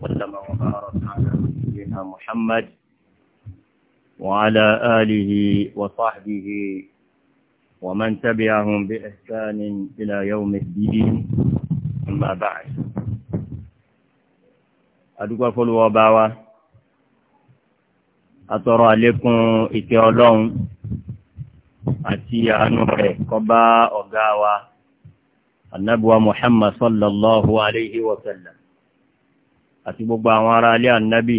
وسلم وبارك على نبينا محمد وعلى آله وصحبه ومن تبعهم بإحسان إلى يوم الدين أما بعد adúgbò fọlùwọ ọba wa atọrọ àlékún ìkẹ́ Ọlọ́run àti àánú rẹ̀ kó bá ọ̀gá wa anabuwa muhammad sallallahu alayhi wa sallam àti gbogbo àwọn ará alẹ́ annabi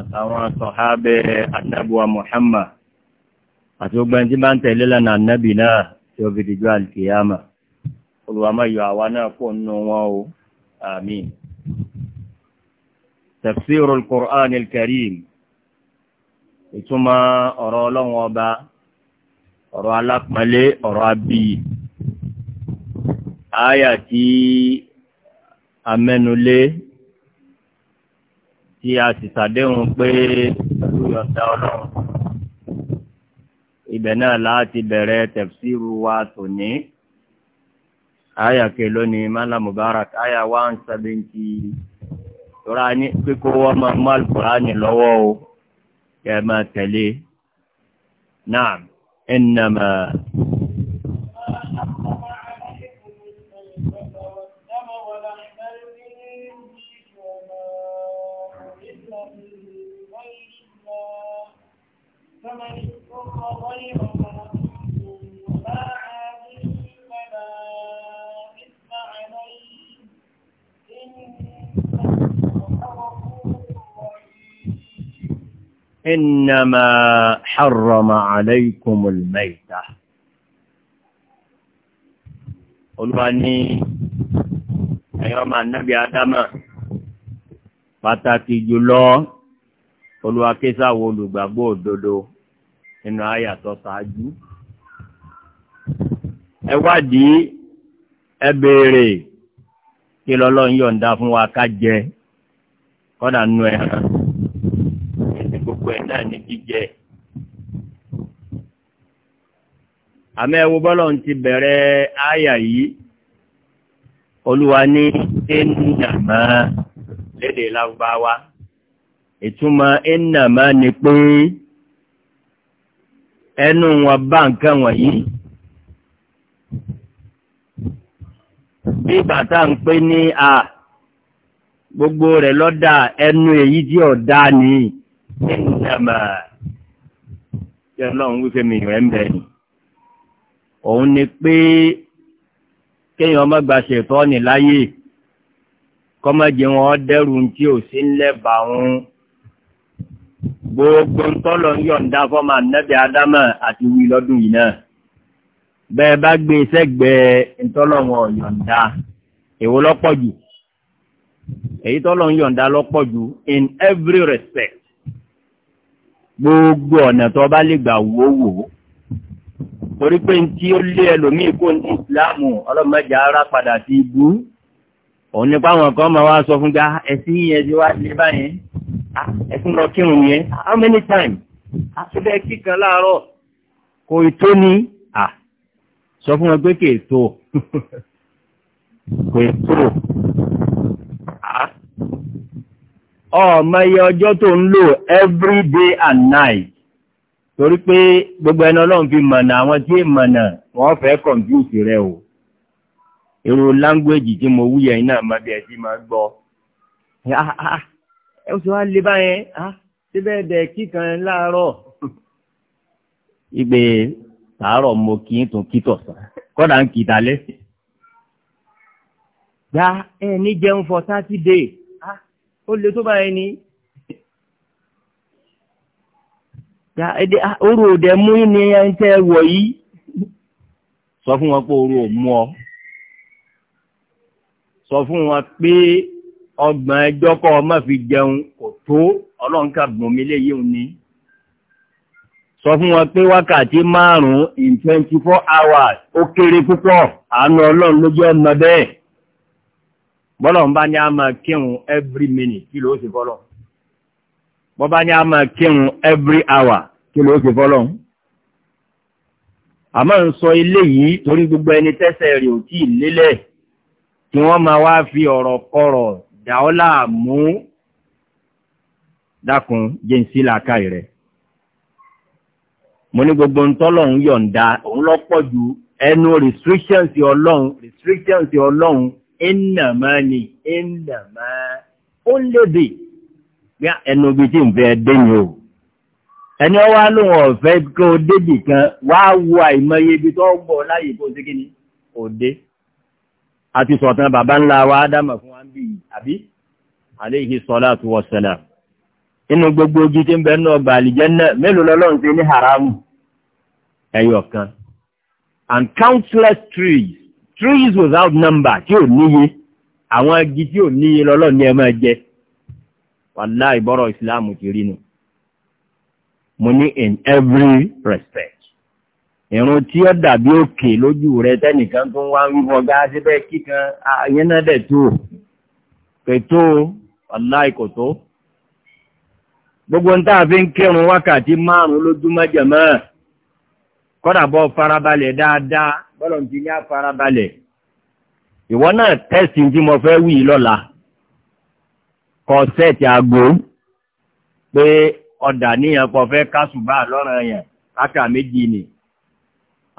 àtàwọn sọ̀hábẹ́ annabuwa muhammad àti gbogbo ẹni tí bá ń tẹ̀lé lánàá annabi náà tí ó fi dìjọ alkiyama olùwàmáyọ̀ àwa náà kò nù wọn o àmín tafsiru al-qur'an al-karim ìtumọ̀ ọ̀rọ̀ ọlọ́run ọba ọ̀rọ̀ alápọ̀nlé ọ̀rọ̀ abíyì àyà tí amẹ́nulé tí a sì ṣàdéhùn pé pẹ̀lú yọ̀ǹda ọlọ́run ibẹ̀ náà láti bẹ̀rẹ̀ tẹ̀fsíru wa tòní àyà kèló ni mala mubarak àyà one seventy tora ní kíkó wọn máa mú alukurani lọ́wọ́ o kẹ́ máa tẹ̀lé náà ẹnìnàmà. إنما حرم عليكم الميتة olúwa ní ẹ̀yọ́ máa nábi adama pàtàkì jùlọ olúwa kéṣàwò olùgbàgbọ́ òdodo nínú àyàtọ̀ ṣáájú ẹ wádìí ẹ béèrè kí lọ́lọ́ ń yọ̀ǹda fún wa ká jẹ kọ́dà nú ẹran ẹ̀ náà ní jíjẹ. àmọ́ ẹ wo bọ́lọ̀ ń ti bẹ̀rẹ̀ àyà yìí olúwa ní ẹnàmá lédè lárúbáwá ìtumọ̀ ẹnàmá ni pé ẹnu wọn bá nǹkan wọ̀nyí bí bàtà ń pè ní a gbogbo rẹ̀ lọ́dà ẹnu èyí tí ọ̀dá nìyí ẹnìyàmà tí ọlọ́run wípé mi rẹ̀ ń bẹ̀ ni òun ni pé kéèyàn má gba ṣètọ́ ní láyé kọ́mọ́jì wọn dẹ́rù tí ò sí ńlẹ́bà òun gbogbo ńtọ́lọ̀ ń yọ̀ǹda fọ́mà nẹ́bẹ̀ ádámà àti wí lọ́dún yìí náà bẹ́ẹ̀ bá gbé e sẹ́gbẹ̀ẹ́ ńtọ́lọ̀ wọn yọ̀ǹda èwo lọ́pọ̀ jù èyí tọ́lọ̀ ń yọ̀ǹda lọ́pọ̀ jù in every respect gbogbo ọ̀nà tó bá lè gbà wò wò torí pé tí ó lé ẹlòmíì kó ní ìsìláàmù ọlọ́mọdé ara padà sí ibú òun ni páwọn kan máa wá sọ fún ga ah, ẹ̀sìn yẹn ti wá lé báyẹn ah, ẹ̀sìn lọ kírun yẹn ah, how many times àtúbẹ̀ kíkan láàárọ̀ kò tó ní à sọ fún wọn pé tó kò tó ọmọ iye ọjọ́ tó ń lò every day and night torí pé gbogbo ẹni ọlọ́run fi mọ̀nà àwọn tí è mọ̀nà wọ́n fẹ́ kọ̀m̀pútì rẹ o èrò láńgbéjì tí mo wúyẹ̀ iná àmọ́bí ẹ̀ sí máa gbọ́ ẹ ṣe ah, ah, ah, wá lé báyẹn síbẹ̀ kíkan láàárọ̀ ìgbé mo tún kítọ̀ sàn kọ́dà ń ẹ ní jẹun for thirty ó lè tó báyìí ni. Ah, oru òde mú ní ẹni tẹ́ wọ̀ yìí sọ fún wọn pé oru ò mú ọ sọ fún wọn pé ọgbọ̀n ẹjọ́ kọ́ ọ má fi jẹun kò tó ọlọ́nkà gbòmí léyìí ò ní sọ fún wọn pé wákàtí márùn-ún in twenty hours ó kéré púpọ̀ àánú ọlọ́run ló jẹ́ ọmọ bẹ́ẹ̀ bọ́lọ̀ ń bá ní a máa kírun every minute kí ló ṣe fọ́lọ̀ bọ́ bá ní a máa kírun every hour kí ló ṣe fọ́lọ̀ àmọ́ ń sọ ilé yìí torí gbogbo ẹni tẹ́sẹ̀ rẹ̀ ò tí ì lélẹ̀ tí wọ́n máa wá fi ọ̀rọ̀ kọrọ̀ dà ọ́ láàmú dákun jẹ́nsí làákàyè rẹ̀ mo ní gbogbo ń tọ́lọ́run yọ̀ǹda òun lọ́pọ̀ ju ẹnu restrictions ọlọ́run restrictions ọlọ́run ìnàmá ni ìnàmá ó ń lédè bí ẹnu bíi tí ń fẹ́ dé ni o ẹni ọ wá lóun ọ̀fẹ́ kó o débì kan wá wo àìmọye ibi tó ń bọ̀ láyè kó o sí kíni òde àti sọ̀tàn bàbá ńlá wa ádámà fún wa ń bì àbí alayhi salatu wassalam inú gbogbo ojú tí ń bẹ náà gba àlìjánnà mélòó lọ́lọ́run ti ní haramu ẹyọ kan and countless trees trees without number tí ò níye àwọn igi tí ò níye lọ́lọ́ ni ẹ máa jẹ wàlá ìbọ́rọ̀ ìsìláàmù ti rí nu mo ní in every respect ìrun tí ó dàbí òkè lójú rẹ tẹnìkan tó ń wá wíwọ gá síbẹ̀ kíkan ayé náà dẹ̀ tó kètò wàlá ìkòtó gbogbo ń tàbí ń kírun wákàtí márùn-ún lójúmọ́ jẹ̀mọ́ kọ́dà farabalẹ̀ dáadáa bọ́lọ̀ ń ti ní ìwọ náà tẹ́sì tí mo fẹ́ wí lọ́la kọ sẹ́ẹ̀tì pé ọ̀dà níyàn kọ fẹ́ kásùbà lọ́rọ̀ yẹn káka méjì ni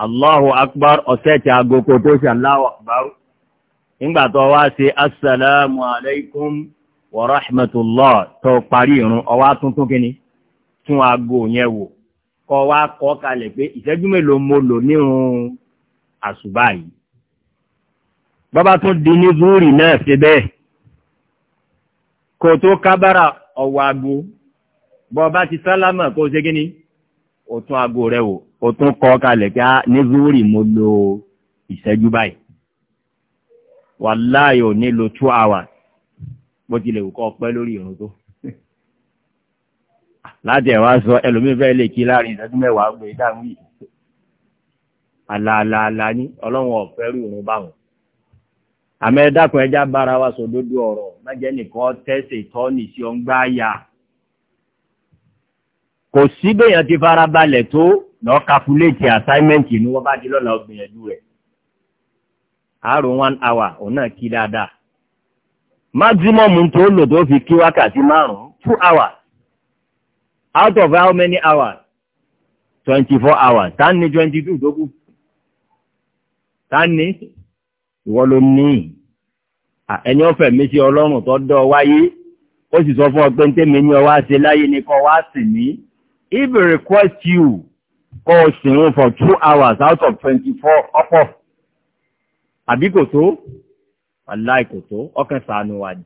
Allahu akbar ọ̀sẹ̀ẹ̀tì aago kò tó ṣe akbar nígbà tó wá ṣe wa tó parí irun ọwá tuntun kínní tún aago yẹn wò kọ wá kalẹ̀ pé ìṣẹ́jú àṣùbà yìí bàbá tún di ní zúrì náà ṣe bẹ́ẹ̀ kò tó kábàrà ọ̀wọ̀ àgbo bọ́ọ̀bá ti sálámà kó ṣe kí ni ó tún aago rẹ̀ wò ó tún kọ́ kalẹ̀ pé ah, ní zúrì mo lo ìṣẹ́jú báyìí wàláhì ò ní lo two hours bó tilẹ̀ wù kọ́ pẹ́ lórí ìrun tó láti ẹ̀ wá sọ ẹlòmíín fẹ́ lè kí láàrin ìṣẹ́jú mẹ́wàá gbé dáhùn yìí àlàálàálà ní ọlọ́run ọ̀fẹ́ rí òun bá wọn. àmọ́ ẹ̀dákun ẹja bára wa sòdodo ọ̀rọ̀ mẹ́jẹ nìkan tẹ́sẹ̀ tọ́ni sí ọ́n gbá yà. kò sí béèyàn ti fara balẹ̀ tó lọ́ọ́ kakuléètì àsáímẹ́ǹtì ni wọ́n bá di lọ́la ọgbìyànjú rẹ̀. àárò one hour òun náà kí dáadáa. maximum tó lò tó fi kí wákàtí márùn-ún two hours out of how many hours? twenty four hours. tán ni twenty two tó kù ta ní ìwọ ló ní ẹni ọ̀fẹ́ mi sí ọlọ́run tó dọ́ wáyé ó sì sọ fún ọ pé ntẹ́mi ní ọwá ṣe láyé ni kọ́ wá sì ní if he request you kọ́ ọ for two hours out of twenty four ọ̀pọ̀ àbí kò tó aláì kò tó ọkàn sànù wà ní.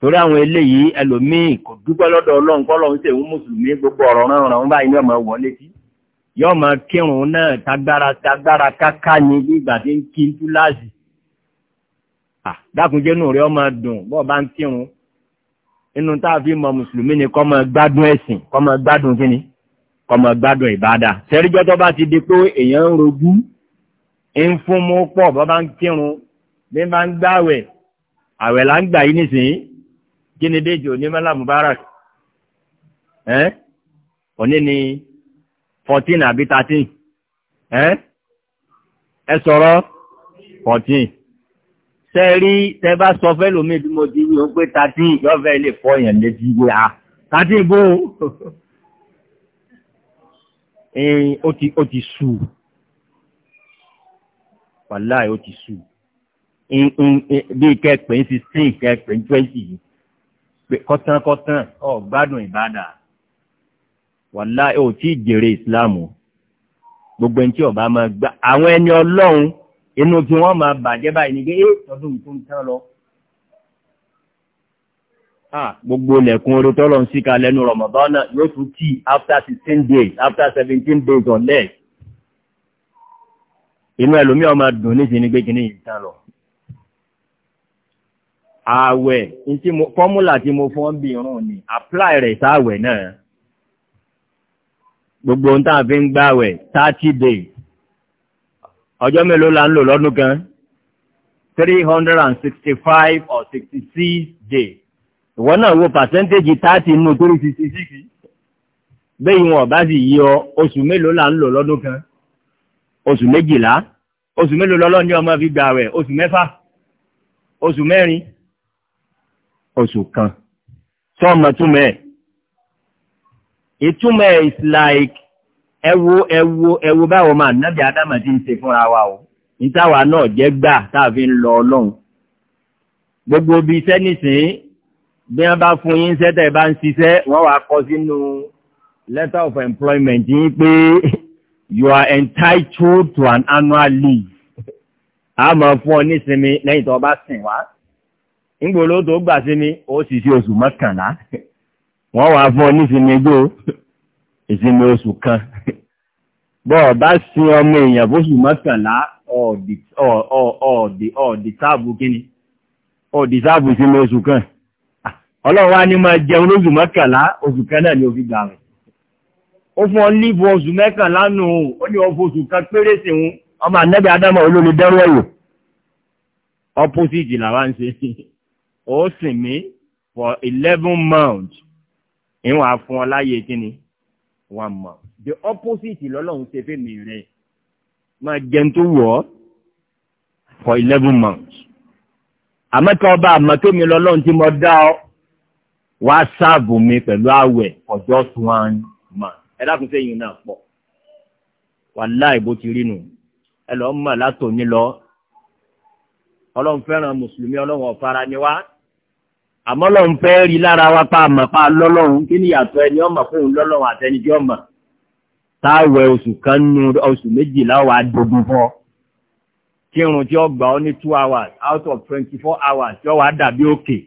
torí àwọn eléyìí ẹlòmíì kò dúpẹ́ lọ́dọ̀ ọlọ́run kọ́ lọ́run ṣe ń mùsùlùmí gbogbo ọ̀rọ̀ ránran báyìí ní ọmọ ẹ̀wọ̀n létí yọ́ ma kírun náà tagbára tagbára káká ni nígbà tí ń kí túláàsì dákunjẹ́ nù rẹ̀ ọmọ dùn bọ́ bá ń kírun inú táà fi mọ mùsùlùmí ni kọ́ mọ gbádùn ẹ̀sìn kọ́ mọ gbádùn kíni kọ́ mọ gbádùn ìbádà sẹ́ríjọ́ tó bá ti di pé èèyàn ń rojú ń fún mú pọ̀ bọ́ bá ń kírun bí bá ń gbáwẹ̀ àwẹ̀ là ń gbà yí nísìnyí kí ni déjò ní mẹ́lá mubarak ẹ́ òní ni. Eh? fourteen àbí thirteen ẹ ẹ sọ̀rọ̀ fourteen tẹ rí tẹ bá sọ fẹ́ lómi bí mo ti rí o pé thirteen yọ̀fẹ́ lè fọ yẹn létí gbé a thirteen bó o ti o ti sù wàláì o ti sù bí kẹ́pẹ́ sixteen kẹ́pẹ́ twenty kọ́tán kọ́tán ọ̀ gbádùn ìbàdàn wàlá ò tí ì jèrè ìsìláàmù gbogbo ẹni tí ọba máa gbà àwọn ẹni ọlọ́run inú tí wọ́n máa bàjẹ́ báyìí ni pé é tọdún tó ń tán lọ. gbogbo lẹ̀kùn orí tọ́lọ̀ ń síka lẹ́nu Ramadan náà yóò tún tì after sixteen days after seventeen days or less. inú ẹlòmíràn máa dùn níṣẹ́ ni pé kí ni yìí tán lọ. ààwẹ̀ fọ́múlà tí mo fọ́ ń bí irun ni apply rẹ̀ sáàwẹ̀ náà gbogbo ohun tá a fi ń gbàwẹ̀ thirty day ọjọ́ mélòó la ń lò lọ́dún kan three hundred and sixty five or sixty six day ìwọ náà wo percentage thirty nínú three sixty six bẹ́ẹ̀ wọn ọ̀bá sì yí ọ oṣù mélòó la ń lò lọ́dún kan oṣù méjìlá oṣù mélòó lọ́lọ́ ní ọmọ fi gbàwẹ̀ oṣù mẹ́fà oṣù mẹ́rin oṣù kan sọ́ọ̀mọ̀túnmẹ́ẹ̀ ìtumọ̀ is like ẹwo ẹwo ẹwo báwo máa nábì ádámà ti ń ṣe fúnra wa o nítawà náà jẹ́ gbà táàfi ń lọ ọlọ́run gbogbo bíi iṣẹ́ nísìnyí bí wọ́n bá fún yín iṣẹ́ tẹ̀ bá ń ṣiṣẹ́ wọ́n wàá kọ sínú letter of employment yín pé you are entitled to an annual leave a máa fún ọ nísinmi lẹ́yìn tó o bá sìn wá ńgbòló tó gbà sí mi ó sì oṣù mọ́kànlá. wọ́n wà fún ọ nísìnyí gbó ìsinmi oṣù kan bọ́ọ̀ bá sin ọmọ èèyàn bóṣù mọ́kànlá ọ̀ọ̀dì sáàbù kíni ọ̀ọ̀dì sáàbù ìsinmi oṣù kan ọlọ́run wá ní máa jẹun lóṣù mọ́kànlá oṣù kan náà ni ó fi gbà rẹ̀ ó fún ọ níbo oṣù mẹ́kànlá nù ó ní ọ̀fọ̀ oṣù kan péré sí wọn ọmọ anẹ́bí adámọ̀ olómi dẹ́rọ ẹ̀wò opposite làwọn ń ṣe ó sìn mí for eleven months ìwọ̀n afún ọ kíni wọ́n mọ̀ the opposite lọ́lọ́run ṣe fẹ́ mi rẹ̀ máa jẹun tó wọ̀ for eleven months àmọ́tọ́ ọba àmọ́tòmí lọ́lọ́run tí mo dá ọ wá sáàbù mi pẹ̀lú àwẹ̀ for just one month ẹ dákun sẹ́yìn náà pọ̀ wàláì bó ti rí nù ẹ lọ́ọ́ mọ̀ látòní lọ ọlọ́run fẹ́ràn mùsùlùmí ọlọ́run ọ̀fara ni wá àmọ́ lọ́n fẹ́ rí lára wa pa àmọ́ pa lọ́lọ́run kí ni yàtọ̀ ẹni ọmọ fóun lọ́lọ́run àtẹni tí ọmọ táwẹ̀ oṣù kan nu oṣù méjìlá wa dogun fún ọ kírun tí ó gbà ọ ní two hours out of twenty four hours tí ó wàá dàbí òkè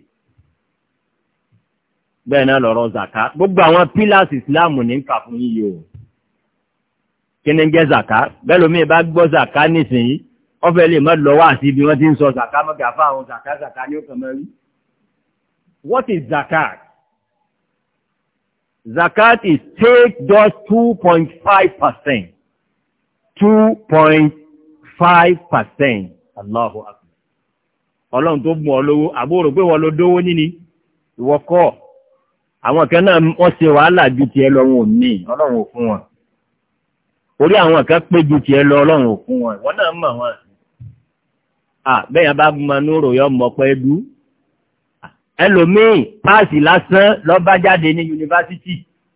bẹ́ẹ̀ náà lọ́rọ̀ zaka gbogbo àwọn pílàsì ìsìláàmù ní kà fún yíyí o kí ni jẹ́ zaka bẹ́ẹ̀ lómi bá gbọ́ zaka nísìnyí ọ̀fẹ́ lè má lọ́wọ́ àti ibi wọ́n ti ń sọ zaka mọ́kà fún àwọn zaka zaka ní òkè mẹ́rin. What is zakat? Zakat is take just 2.5%. percent, 2.5%. Allahu Akbar. Ọlọ́run tó mú ọ lówó, àbúrò pé wọ́n ló dówó níní, ìwọ kọ́. Àwọn kan náà wọ́n ṣe wàhálà ju tiẹ̀ lọ wọn ò ní, ọlọ́run ò fún wọn. Orí àwọn kan pé ju tiẹ̀ lọ ọlọ́run ò fún wọn, ìwọ náà mọ̀ wọn. À bẹ́ẹ̀ yẹn bá mọ núrò yọ mọ pẹ́ dú ẹlòmíì páàsì lásán ló bá jáde ní yunifásitì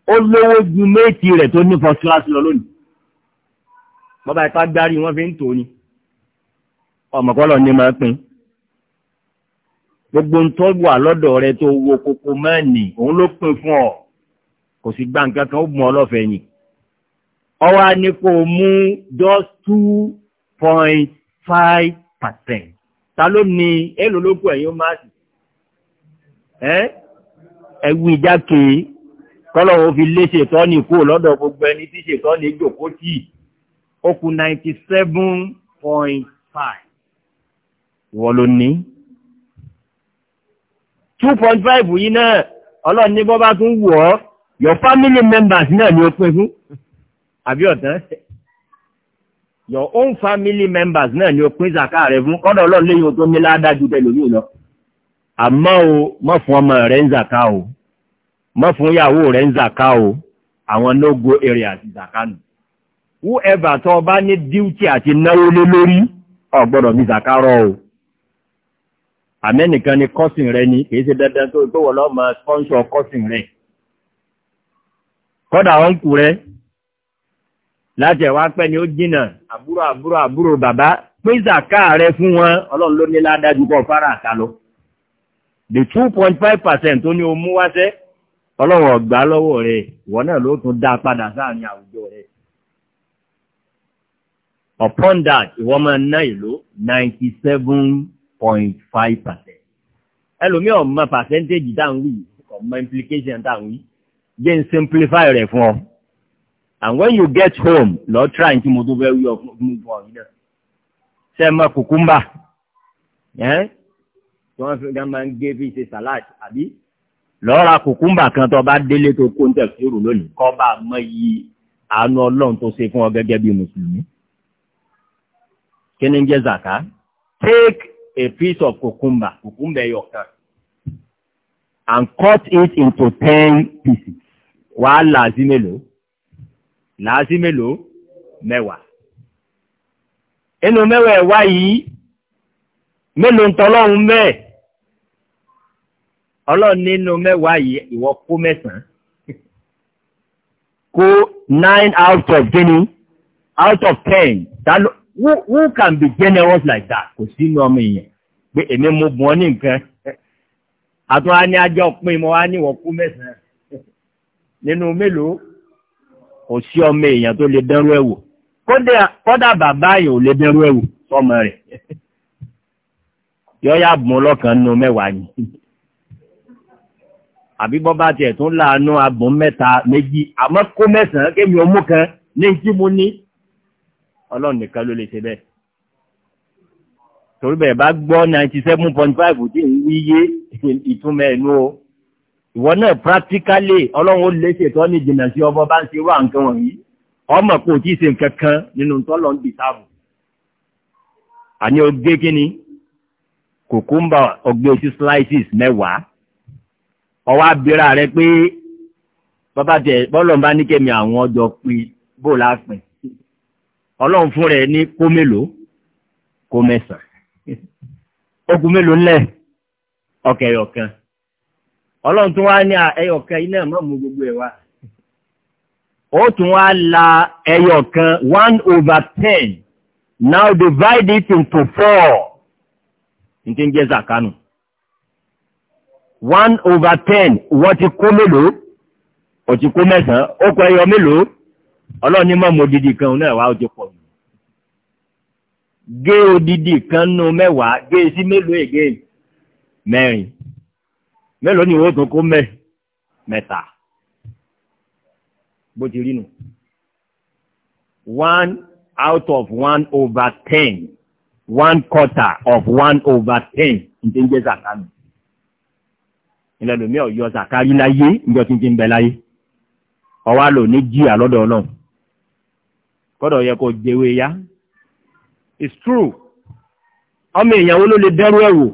ó lówó ju méjì rẹ̀ tó ní first class lọ lónìí bọ́bá ipá gbárí wọ́n fi ń tò ní ọmọkọ́lọ̀ ní máa pín gbogbo ń tọ́ wà lọ́dọ̀ rẹ tó wo kókó máa nì òun ló pín fún ọ kò sì gba nǹkan kan ó mú ọ lọ́fẹ̀ẹ́ yìí ọwọ́ ni kò mú just two point five percent ta ló ní èlò ló kù ẹ̀yìn máàsì ẹ̀wù ìjákè kọ́lọ́wọ́ fi lé ṣètọ́ni kú lọ́dọ̀ gbogbo ẹni tí ṣètọ́ni jòkó tì ó kù ninety seven point five ìwọ ló ní. two point five yìí náà ọlọ́ọ̀ni bọ́ bá tún wù ọ́ your family members náà ni ó pín fún àbí ọ̀tán your own family members náà ni ó pín zaka rẹ̀ fún kọ́dọ̀ ọlọ́ọ̀lẹ́yìn tó ní ládàá ju tẹ̀lómi lọ àmọ́ o mọ́ fún ọmọ rẹ̀ ń zàká o mọ́ fún ìyàwó rẹ̀ ń zàká o àwọn no go area ti zàká nù whoever tó bá ní duty àti náwó lé lórí ọ̀gbọ́dọ̀ bí zàká o àmẹ́nìkan ni cousin rẹ ni kìí ṣe dandan tó tó wọ́n lọ́mọ sponsor cousin rẹ kọ́dà ọ̀nkù rẹ láti ẹ̀wá pẹ́ ni ó jìnà àbúrò àbúrò àbúrò bàbá pín zàká rẹ fún wọn ọlọ́run ló ní ládájú kọ́ fara àtà the two point five percent tó ní o mú wáṣẹ́ ọlọ́run ọ̀gbà lọ́wọ́ rẹ̀ ìwọ náà ló tún dá padà sáàrin àwùjọ rẹ̀ upon that ìwọ máa ná ìlú ninety seven point five percent ẹlòmíì ọ̀mọ percentage dáhùn wí ọ̀mọ implication dáhùn wí jẹ́ simplify rẹ̀ fún ọ and when you get home lọ try tí mo tó fẹ́ wí ọ fún mi fún ọ yìí náà ṣe é kùkúmbà wọ́n fi gan máa ń gé fi ṣe salad àbí lọ́ra kùkúmbà kan tó bá délé tó kó ń lónìí kọ́ bá mọ iyì àánú ọlọ́run tó ṣe fún ọ gẹ́gẹ́ bí mùsùlùmí. kí ni ń jẹ́ zaka take a piece of cucumber cucumber ẹyọ kan and cut it into ten pieces wàá làásì mélòó làásì mélòó mẹ́wàá. inú mẹ́wàá ẹ̀ wá yìí mélòó ń tọ́lọ́run mẹ́ẹ̀ ọlọ́run nínú mẹ́wàá yìí ìwọ kó mẹ́sàn-án kó nine out of gini out of ten dalo who who can be generous like that kò sínú ọmọ èèyàn pé èmi mo bùn ọ́ ní nǹkan àtúnwá ní ajọ́ pín mọ́ wá ní ìwọ kó mẹ́sàn-án nínú mélòó kò sí ọmọ èèyàn tó lè dánrú ẹ̀ wò kódà bàbá yìí ò lè dánrú ẹ̀ wò sọmọ rẹ̀ yọ ya bùn ọlọ́kan nínú mẹ́wàá yìí àbí bọ́ bá tiẹ̀ tún láàánú agbọ̀n mẹ́ta méjì àmọ́ kó mẹ́sàn-án kémi ọmú kan ní tí mo ní ọlọ́run nìkan ló lè ṣe bẹ́ẹ̀ torí bẹ́ẹ̀ bá gbọ́ ninety tí ń wíyé ìtumọ̀ ẹ̀nu o ìwọ náà practically ọlọ́run ó lè ṣètò ní ìdènà sí ọbọ̀ bá ń ṣe irú àǹkan wọ̀nyí ọmọ kò tí ì ṣe nǹkan kan nínú tọ́lọ̀ ń dìtàbù àní ogé kínní kòkúmbà ọgbẹ́ sí slices mẹ́wàá ọwọ́ abira rẹ pé bàbá tẹ bọ́lọ̀ bá ní kẹ́mi àwọn ọjọ́ pé bó la pè ọlọ́run fún rẹ ní kó mélòó kó mẹ́sàn-án ogun mélòó ńlẹ̀ ọkẹ̀ ẹ̀yọ̀kan ọlọ́run tún wá ní ẹ̀yọ̀kan iná ẹ̀ mọ́mú gbogbo ẹ̀ wá ó tún wá la ẹ̀yọ̀kan one over ten now divide it into four n ti ń jẹ́ zakanu one over ten wọ́n ti kó mélòó o ti kó mẹ́sàn-án ó kọ ẹyọ mélòó ọlọ́run ní mọ̀mọ́ odidi kan òun náà wá ó ti pọ̀ jù gé odidi kan nu mẹ́wàá gé e sí mélòó ègé mẹ́rin mélòó ni wọ́n tún kó mẹ́ mẹ́ta bó ti rí nu one out of one over ten one quarter of one over ten ǹjẹ́ ń jẹ́ sàkánu ilẹ̀ ọ̀yọ́ zakari láyé ìjọ tí ń ti ń bẹ láyé ọwá lò ní jìyà lọ́dọ̀ ọlọ́run kọ́dọ̀ yẹ kó jẹwé ya it's true ọmọ èèyàn wo ló lè dẹ́rù ẹ̀wò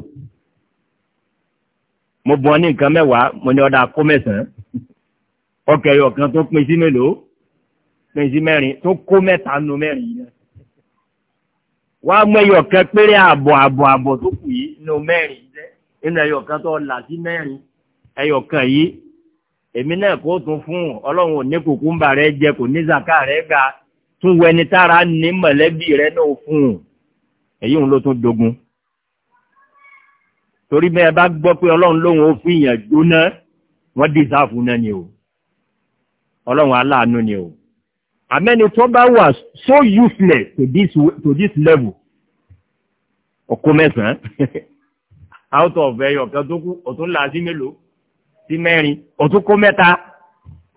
mo bọ̀ ní nǹkan mẹ́wàá mo ní ọ̀dà kó ọkẹ̀ yọ̀ tó pín sí mélòó pín sí mẹ́rin tó kó mẹ́ta nu mẹ́rin yìí wá mẹ́yọ̀ kan péré àbọ̀ àbọ̀ àbọ̀ tó kù yìí nu mẹ́rin jẹ́ nínú ẹ̀yọ̀ tó là sí mẹ́rin ẹyọkan yìí èmi náà kó tún fún ọlọ́run ò ní kùkúmbà rẹ jẹ kò ní zaka rẹ gbà tún wẹni tára ní mọ̀lẹ́bí rẹ náà fún un èyí òun ló tún dogun torí bẹ́ẹ̀ bá gbọ́ pé ọlọ́run lóhun ó fi yàn jóná wọ́n dìsáàfù náà ni o ọlọ́run aláàánú ni o àmẹ́ni tó bá wà so useless to this, to this level ọkọ mẹ́sàn-án out of ẹyọ kan tó kú ọ̀tún làásí mélòó sí mẹ́rin òtún kó mẹ́ta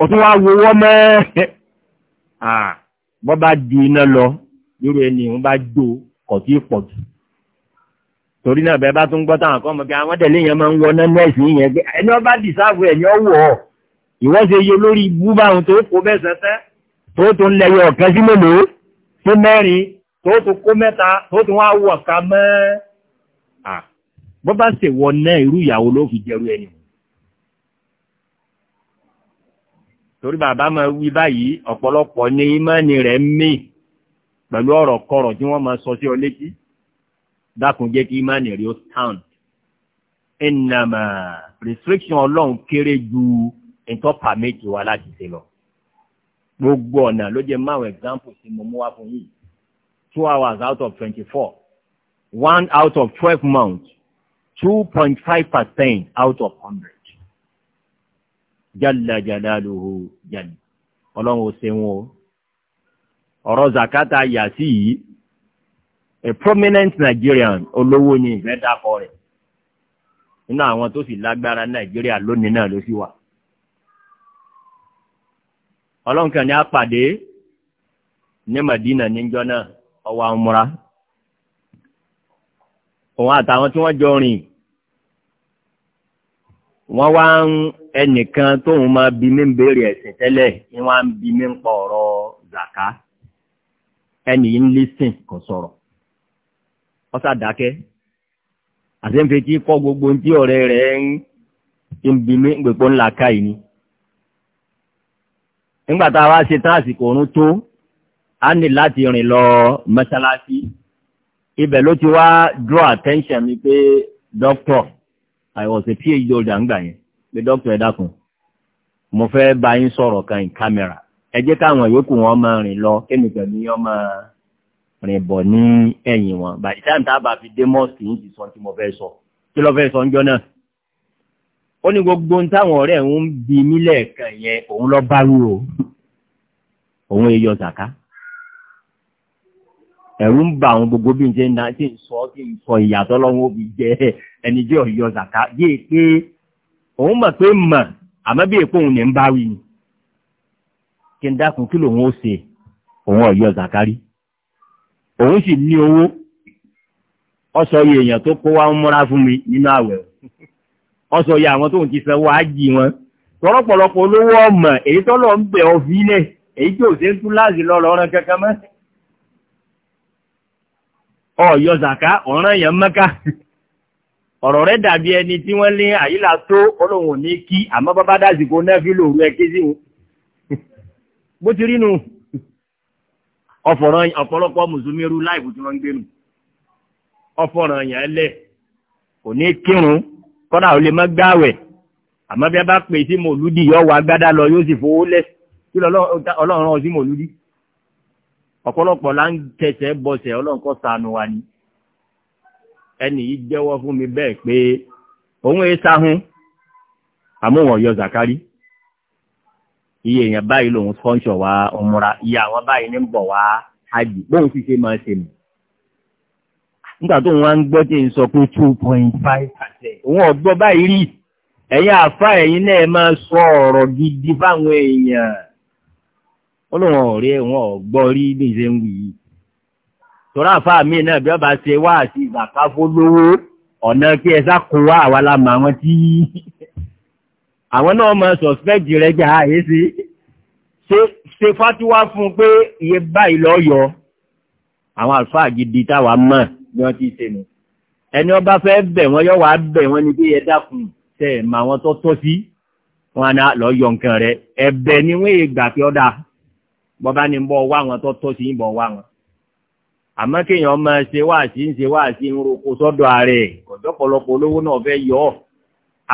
òtún wá wọ́wọ́ mẹ́ẹ́ bọ́ bá ju iná lọ lórí ẹni òun bá jó kọ̀ tí pọ̀ jù torí náà bẹ́ẹ̀ bá tún gbọ́ táwọn kan mọ̀ pé àwọn tẹ̀lé yẹn máa ń wọ náà nẹ́ẹ̀sì yẹn gbé ẹni wọ́n bá dìsáàbù ẹ̀yìn ọ̀wọ̀ ìwọ́n ṣe yọ lórí ibú báwọn tó kó bẹ́ẹ̀ sẹ́sẹ́ tó tún lẹ́yọ ọ̀kẹ́ sí mélòó tó mẹ́rin tó tún kó mẹ́ta tó tún wá wọ̀ ká mọ́ ah, bọ́ bá ṣèwọ náà irú ìyàwó ló fi jẹrú ẹni wọ̀ torí bàbá máa wí báyìí ọ̀pọ̀lọpọ̀ ní ìmánì rẹ̀ mí pẹ̀lú ọ̀rọ̀ kọ̀rọ̀ tí wọ́n máa sọ sí ọ létí dákun jẹ́ kí ìmánì rẹ̀ ó sound ìnàmà restriction ọlọ́run kéré ju ìtọ́pà méjì wa láti ṣe lọ gbogbo ọ̀nà ló jẹ́ máwọn example tí mo mú wá fún yìí two hours out of twenty-four one out of twelve months two point five percent out of hundred jalla jalaluhu jalla ọlọ́run ò ṣeun o ọ̀rọ̀ zakata yasi yìí a prominent Nigerian olówó ni ìfẹ́ dàpọ̀ rẹ̀ nínú àwọn tó sì lágbára Nàìjíríà lónìí náà ló sì wà ọlọ́run kan ní apàdé ní Madina níjọ́ náà ọwọ́ amúra òun àtàwọn tí wọ́n jọ rìn wọ́n wá ń ẹnìkan tóun máa bi mí ń béèrè ẹ̀sìn tẹ́lẹ̀ ni wọ́n á ń bi mí ń pa ọ̀rọ̀ zàká ẹnì yìí ń lísìn kò sọ̀rọ̀ ọ̀sà dákẹ́ àtẹ̀ǹfẹ̀tì kọ́ gbogbo ntí ọ̀rẹ́ rẹ̀ ń bi mí ń pèpọ̀ ńlá káyìí ni nígbà tá a wá ṣe tán àsìkò òun tó a ní láti rìn lọ mọ́sálásí ibẹ̀ ló ti wá draw attention mi pé doctor. I was a PhD holder ńgbà yẹn pé dókítà ẹ dákun mo fẹ́ bá yín sọ̀rọ̀ kan in camera ẹ jẹ́ káwọn ìyókù wọn máa rìn lọ kémi pẹ̀lú yín ọmọ rìn bọ̀ ní ẹ̀yìn wọn bàtí táwọn tábà fi dé mọ́ọ̀sì yín ti sọ tí mo fẹ́ sọ kí ló fẹ́ sọ ńjọ́ náà ó ní gbogbo ohun táwọn ọ̀rẹ́ ń bi nílẹ̀ kan yẹn òun lọ bá rú o òun èèyàn zàká ẹ̀rù ń bà àwọn gbogbo bí n ṣe ń da tí ń sọ tí ń sọ ìyàtọ̀ lọ́wọ́ òbí jẹ́ ẹni jẹ́ ọ̀yọ́ zàká bí è e pé òun mọ̀ pé mọ̀ àmọ́ bí èpo òun ní ń bá wí ni kí n dákun kí lòun ó ṣe òun ọ̀yọ́ zàká rí òun sì ní owó ọ̀sọ̀ yìí èèyàn tó kó wá ń múra fún mi nínú àwẹ̀ ọ̀sọ̀ yìí àwọn tóun ti sanwó á jì wọn tọ́rọ̀pọ̀lọpọ̀ olówó ọmọ èyí tọ́lọ́ ń ọ̀yọ́ zàká ọ̀ràn èèyàn mẹ́ká ọ̀rọ̀ rẹ̀ dàbí ẹni tí wọ́n lé àyílà tó ọlọ́run ní kí àmọ́ bàbá dásìkò náà fi lòrú ẹ ké sí wọn bó ti rí nu ọ̀fọ̀ràn ọ̀pọ̀lọpọ̀ mùsùlùmí rú láìpù tí wọ́n ń gbé èèyàn lẹ̀ kò ní kírun kọ́dà ò lè má gbáwẹ̀ àmọ́ bí a bá pè sí mòlúdì yọ wà gbádà lọ yóò sì fowó lẹ̀ kí ọlọ́run ọ mòlúdì ọ̀pọ̀lọpọ̀ là ń tẹsẹ̀ bọsẹ̀ ọlọ́nkọ́ sànù wa ni ẹnì yìí jẹ́wọ́ fún mi bẹ́ẹ̀ pé òun èé sáhún àmúwọ̀n yọ zakari iye èèyàn báyìí lòun sponsor wa ọmọra iye àwọn báyìí ní ń bọ̀ wá hajj bóun sì ṣe máa ṣe mọ̀ nígbà tó wọn ń gbọ́ tí ń sọ pé two point five percent òun ọ̀gbọ́ báyìí rí ẹ̀yin àfa ẹ̀yin náà máa sọ ọ̀rọ̀ gidi fáwọn èèyàn ó lóun ọ̀rí ẹ̀wọ̀n ọ̀gbọ́ rí ní ìṣe ń wì í tọ́lá àfa mi náà bí ọba ṣe wá àti ìgbàká fólówó ọ̀nà kí ẹ sá kó wá àwa la mọ àwọn tí àwọn náà mọ suspect rẹ jà àyè sí ṣe fatiwa fún un pé iye báyìí lọ yọ àwọn àlùfáà gidi táwa mọ̀ ni wọ́n ti ṣe nù ẹni ọba fẹ́ bẹ̀ wọ́n yọ wá bẹ̀ wọ́n ni pé ẹ dákun tẹ̀ mà wọ́n tọ́ tọ́ sí wọn á lọ yọ nǹkan rẹ ẹ̀bẹ̀ ni wọ́n ègbà fi ọ́ dáa bọ́bá ní bọ́ wá wọn tó tó sí ń bọ̀ wá wọn. àmọ́ kéèyàn máa ṣe wá sí ń ṣe wá sí ń roko sọ́dọ̀ ààrẹ kọ̀jọ́ pọ̀lọpọ̀ olówó náà fẹ́ yọ ọ́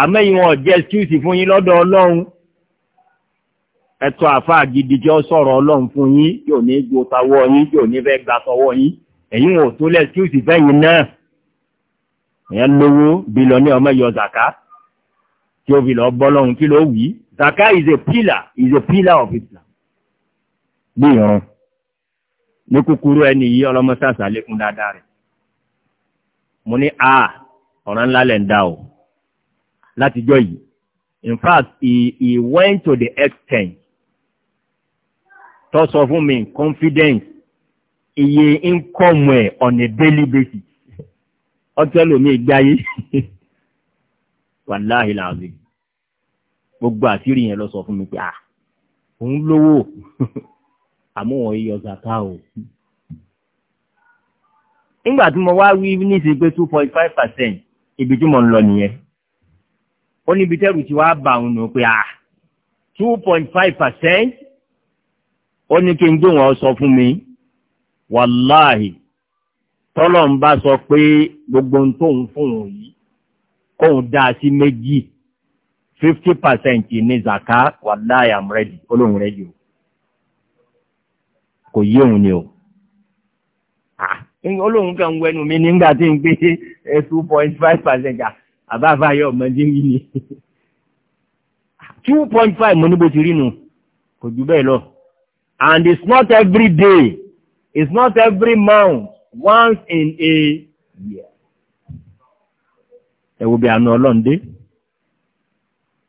àmọ́ ìwọ̀n jẹ́ excuse fún yín lọ́dọ̀ ọlọ́run ẹ̀tọ́ àfa àgidijọ́ sọ̀rọ̀ ọlọ́run fún yín yóò ní gbó tawọ́ yín yóò ní fẹ́ gbà tọwọ́ yín èyí wọn ò tó lẹ́ excuse fẹ́yìn náà èèyàn lówó bílíọ̀nù ọmọ yọ zaka tí ó fi lọ bọ́ kí ló wí zaka is a pillar is a pillar of Islam bí irun ní kúkúrú ẹni yìí ọlọ́mọsáàsà lékún dáadáa rẹ̀ mo ní a ọ̀ràn ńlá lẹ̀ ń dá o látijọ́ yìí in fact he he went to the extent tó sọ fún mi confidence iye income ẹ̀ on a daily basis ọtẹ́ lomi gbáyé wàláhì làwọn gbogbo àṣírí yẹn lọ sọ fún mi pé ah òun lówó àmúwọ̀n yíyọ zaka o. nígbà tí mo wá wí níṣẹ́ pé two point five percent ibi tí mo ń lọ nìyẹn ó níbi tẹ́rù tí wàá bà òun nù pé à ah, two point five percent ó ní kí n gbé wọn sọ fún mi wàláhì tọ́lọ̀ ń bá sọ pé gbogbo ohun tóun fún yìí kóun dá a sí méjì fifty percent ní zaka wàláhì am ready olóhùn ready o kò yé òun ni o olóhùn ah, kan wẹnu mi nígbà tí n gbé two point five percent ah, àbáfà yọ ọmọdé mi ni ah, two point five mo ní bó ti rí nu kò jù bẹ́ẹ̀ lọ and it's not every day it's not every month once in a year. ẹ wo bí àna ọlọ́run dé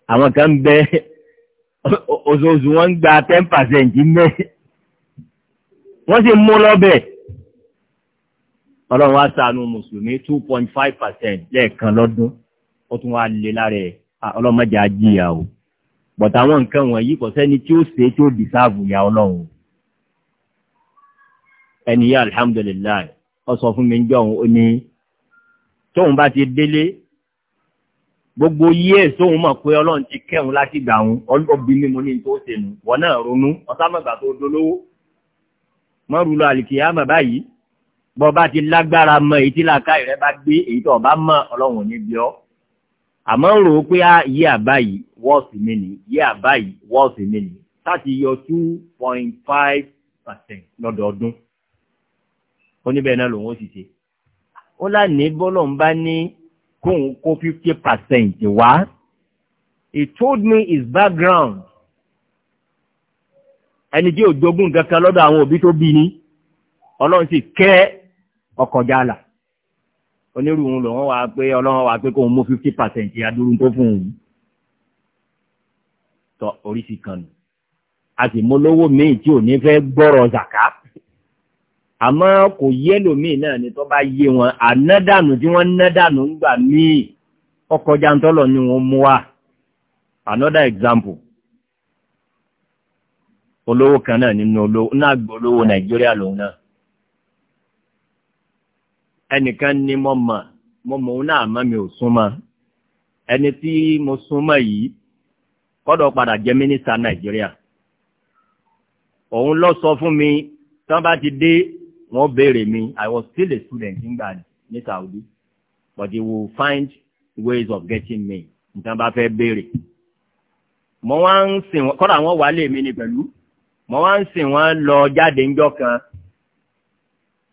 àwọn kan ń bẹ oṣooṣù wọn gba ten percent mẹ́rin wọ́n sì mú lọ́bẹ̀ ọlọ́run wá ṣàánú mùsùlùmí two point five percent lẹ́ẹ̀kan lọ́dún ó tún wá lé lára ẹ̀ ọlọ́mọdé ajíyà o bọ̀t àwọn nǹkan wọ̀nyí kò sẹ́ni tí ó ṣe tí ó dìsáàbù ya ọlọ́run ẹni yá alihamudulilayi ó sọ fún mi ń jọ̀hún ó ní tóun bá ti délé gbogbo yíyẹ sóun mọ̀ pé ọlọ́run ti kẹ́hún láti gbà òun ọbí mímu ní tó ṣe nù wọ́n náà ronú ọ̀sán mọ̀gbà tó dolówó mọ́rù lọ àlìkìyàmọ̀ báyìí bọ́ bá ti lágbára mọ èyí tí làákà rẹ bá gbé èyí tó bá mọ ọlọ́run ní bí ọ́ àmọ́ rò ó pé á yí àbá wọ́ọ̀sì mi nì yí àbá wọ́ọ̀sì mi nì láti yọ two point five percent lọ́dọọdún oníbẹ̀ náà lòun ó sì ṣe ó lánàá bọ́lọ̀ ń bá ní kóun kó fifty percent wá he told me his background ẹni tí ò jogún kankan lọ́dọ̀ àwọn òbí tó bí ní ọlọ́run sì kẹ́ ọkọ̀já là onírúurú lòun wà pé ọlọ́run wà pé kóun mú fifty percent adúrú tó fún un tọ oríṣi kan nù a sì mú lówó míì tí ò ní fẹ́ gbọ́rọ̀ zàká àmọ́ kò yé lòmíì náà ni tó bá yé wọn ànádànù tí wọ́n nádànù ń gbà míì ọkọ̀já ń tọ́lọ̀ ni wọ́n mú wa another example olówó kan náà nínú olówó náà gbólówó nàìjíríà lòun náà ẹnìkan ni mo mọ̀ mo mọ̀ òun náà mọ́ mi ò súnmọ́ ẹni tí mo súnmọ́ yìí kọ́dọ̀ padà jẹ́ mínísítà nàìjíríà òun lọ sọ fún mi tí wọ́n bá ti dé wọ́n béèrè mi i was still a student nígbà ní saudi but they will find ways of getting me nǹkan bá fẹ́ béèrè mo wá ń sìn kọ́dọ̀ àwọn wàá lè mi ni pẹ̀lú mo wá ń sìn wọ́n lọ jáde ńjọ́ kan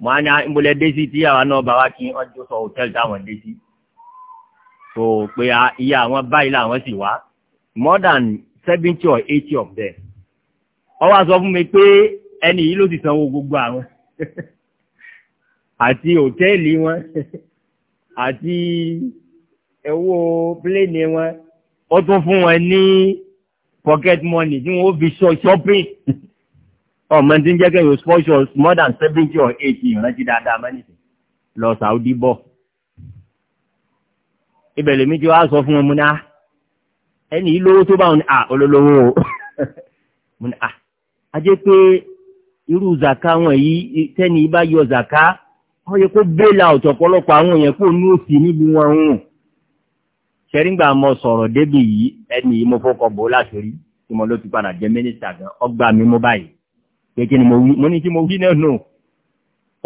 mo á ní ìmúlẹ̀ ah, dé tí àwa náà bá wá kí wọ́n tó sọ hòtẹ́ẹ̀lì táwọn dé sí pé ah, iye àwọn báyìí làwọn sì wá more than seventy or eighty of them wọ́n wá sọ fún mi pé ẹni yìí ló ti sanwó gbogbo àwọn àti hòtẹ́ẹ̀lì wọn àti owó pílẹ̀nì wọn ó tún fún wọn ní pocket money tí wọ́n fi ṣọ shopping ọmọ tí ndị jẹ́ kẹ́yìn o sponsor more than or eighty ìrántí dáadáa máa nìsín lọ sàúdí bọ̀. ibẹ̀ lèmi tí wàá sọ fún wọn mo ah, ẹni tó bá wọn ah, olólówó o ah, pé irú zaka wọn yìí tẹ́ni bá yọ zaka wọ́n yẹ kó bẹ́ẹ̀lì ọ̀pọ̀lọpọ̀ àwọn yẹn kó ní òsì níbi wọn hùn. sọ̀rọ̀ ẹni pé kí ni mo wí mo ní kí mo wí náà nù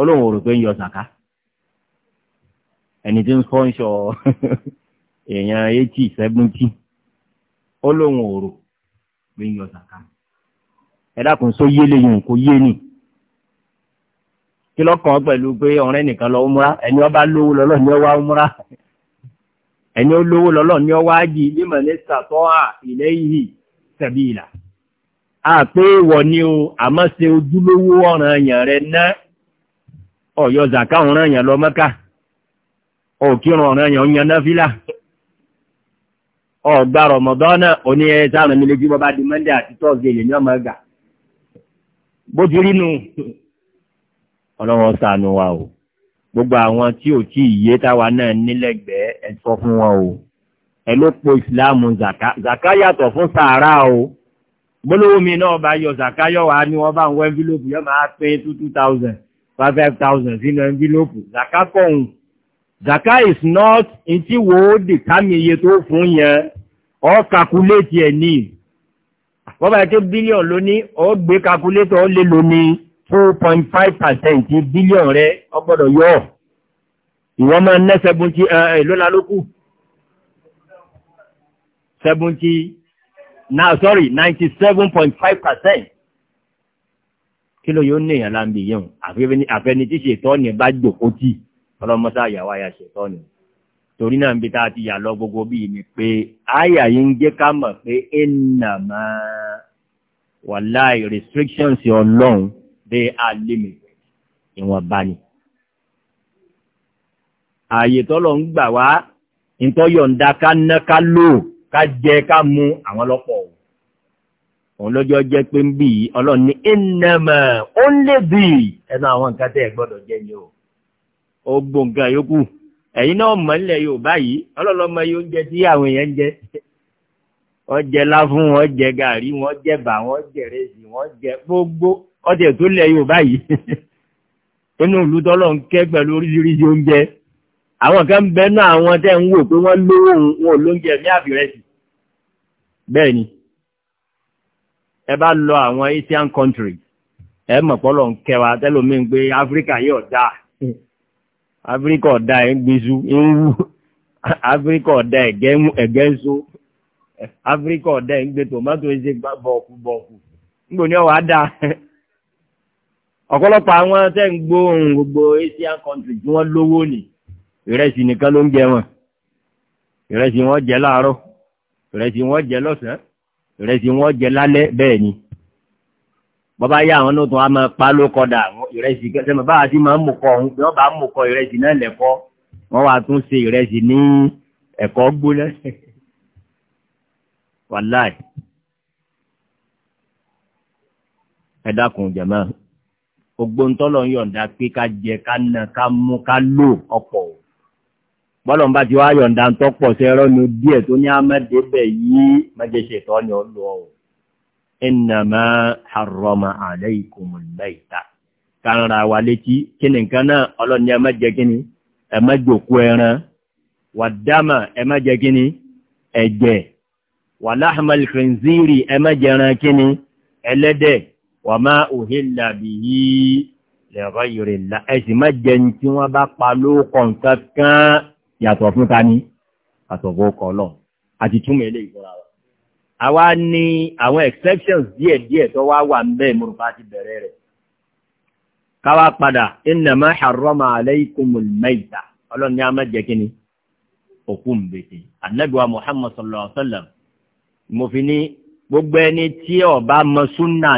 ọlọ́run ò rò pé ń yọ sàká ẹni tí ń spọ́nṣọ èèyàn eighty seventy ọlọ́run ò rò pé ń yọ sàká ẹ dákun sọ yé lẹ́yìn kò yé ni kí lọ́kàn pẹ̀lú pé ọ̀rẹ́ nìkan lọ múra ẹni ọba lówó lọ́lọ́ ni ọ wá múra ẹni ó lówó lọ́lọ́ ni ọ wá jì ní mọ̀lẹ́sà tó ilé yìí sẹ́bìlà àpé wọ̀ ni o àmọ́ ṣe ojúlówó ọ̀ràn èèyàn rẹ̀ ná ọ̀yọ́ zàká ọ̀ràn èèyàn lọ mọ́ká òkírun ọ̀ràn èèyàn yan náà fílà ọ̀gbà rọ̀mọ̀dọ́nà òní ẹ̀ sáàrùn mi lójú bọ́bá di mọ́ndé àti tọ́sídẹ̀ẹ́ lè ní ọmọ ẹ̀gà bó ti rí nu ọlọ́wọ́ sànù wa o gbogbo àwọn tí ò tí ì yé táwa náà nílẹ̀gbẹ́ẹ́ ẹ sọ fún wọn o ẹ ló po ìsìláàmù zàká yàtọ̀ fún sàárà o bólówó mi náà bá yọ zàkáyọ̀ wá ní wọ́n bá ń wọ envelope yọ máa pé two two thousand five thousand sínú envelope zàká kọ̀hún zàká is not ntí wo dìkámi iye tó fún yẹn ọ́ kakuléètì ẹ̀ ní wọ́n bá yẹ kí bílíọ̀n lóní ọ́ gbé kakuléètì ọ́ lé lóní two point five percent bílíọ̀n rẹ ọ́ gbọ́dọ̀ yọ ọ́ ìwọ́n máa ń ná seventy ẹ̀ eh, eh, lọ́la lókù seventy now sorry ninety seven point five percent kí ló yóò ní èèyàn láǹbì yẹn àfẹni tí ṣètọ́ni bá jòkó tì ọlọ́mọsá àyàwó àyà ṣètọ́ni torí náà níbi tá a ti yà lọ gbogbo bíi ni pé àyà yìí ń jẹ́ ká mọ̀ pé ẹnàmá wàláì restrictions ọlọ́run they are limited ìwọ̀nba ni. ààyè tọ́lọ̀ ń gbà wá ìtọ́yọ̀ ń da ká ná ká lò ká jẹ ká mu àwọn lọ́pọ̀ o òun lọ́jọ́ jẹ́ pé ń bì í ọlọ́run ní ìnàmọ̀ ó ń lè bì í ẹnu àwọn nǹkan tẹ́ ẹ gbọ́dọ̀ jẹ ni o ó gbó nǹkan yòókù ẹ̀yin náà mọ̀ nílẹ̀ yorùbá yìí ọlọ́lọ́mọ yóò jẹ tí àwọn èèyàn ń jẹ wọ́n jẹ láfún wọ́n jẹ gàrí wọ́n jẹ bà wọ́n jẹ rẹ́sì wọ́n jẹ gbogbo ọdẹ tó lẹ̀ yorùbá yìí inú ìlú tọ́lọ́ ń kẹ́ pẹ̀lú oríṣiríṣi oúnjẹ àwọn kan bẹ́ẹ̀ náà àwọn tẹ́ ń wò pé wọ́n lówó wọn lóúnjẹ ní àfìrẹ́sì bẹ́ẹ̀ ni ẹ bá lọ àwọn Asian country ẹ mọ̀ pọ́lọ̀ ń kẹwa tẹ́lómi ń gbé Áfíríkà yóò dá Áfíríkà ọ̀dà ẹ̀ ń gbésù ń wú Áfíríkà ọ̀dà ẹ̀gẹ́ ń so Áfíríkà ọ̀dà ẹ̀ ń gbé tòmátò ẹ̀ṣẹ̀ bọ̀ọ̀kù bọ̀ọ̀kù níbo ni ọ̀wá dá ọ̀pọ̀lọpọ̀ àwọn tẹ́ ń gbóhùn gbogbo Asian country tí wọ́n lówó nìí ìrẹsì nìkan ló ń jẹ wọn ìrẹsì wọn jẹ láàárọ̀ ìrẹsì wọn jẹ lọ́sàn ìrẹsì wọn jẹ lálẹ́ bẹ́ẹ̀ ni bọ́bá yá àwọn náà tún á máa pa ló kọdà ìrẹsì sẹ́mi báwa ti máa ń mú kọ ọ̀hún bí wọ́n bá ń mú kọ ìrẹsì náà lẹ́kọ́ wọ́n wá tún ṣe ìrẹsì ní ẹ̀kọ́ gbóná wàláì ẹ dákun jàmáà gbogbo ntọ́lọ́ yọ̀ǹda pé ká jẹ ká nà ká mú ká lò ọ̀pọ̀ o bọ́lọ̀n bá ti wá yọ̀ǹda tó pọ̀ sí ẹ̀rọ ní díẹ̀ tó ní amẹ́dẹ́bẹ̀ yìí mẹ́jẹṣẹ́ tọ́ ni ó lọ ọ̀ innama harrama alaykumul mayta kánra wa létí kí ni nǹkan náà ọlọ́ni ẹ má jẹ kí ni ẹ má jòkú ẹran wàdámà ẹ má jẹ ẹ̀jẹ̀ wa lahmal khinziri ẹ má jẹran ẹlẹ́dẹ̀ wa ma uhilla bihi li ghayrillah ẹ sì má ní tí wọ́n bá pa lóòkàn kankan yàtọ̀ fún ta ni àtọ̀bọ̀ ọkọ̀ ọlọ́run àti túmọ̀ ilé ìfúnra wa. àwa ní àwọn exceptions díẹ̀ díẹ̀ tó wá wà ń bẹ́ẹ̀ mo rò bá ti bẹ̀rẹ̀ rẹ̀. káwa padà innama harrama alaykumul mayta ọlọ́run ní amájẹ kínní òkú mbètè anabiwa muhammad sallallahu alayhi wa sallam mo fi ní gbogbo ẹni tí ọba mọ súnà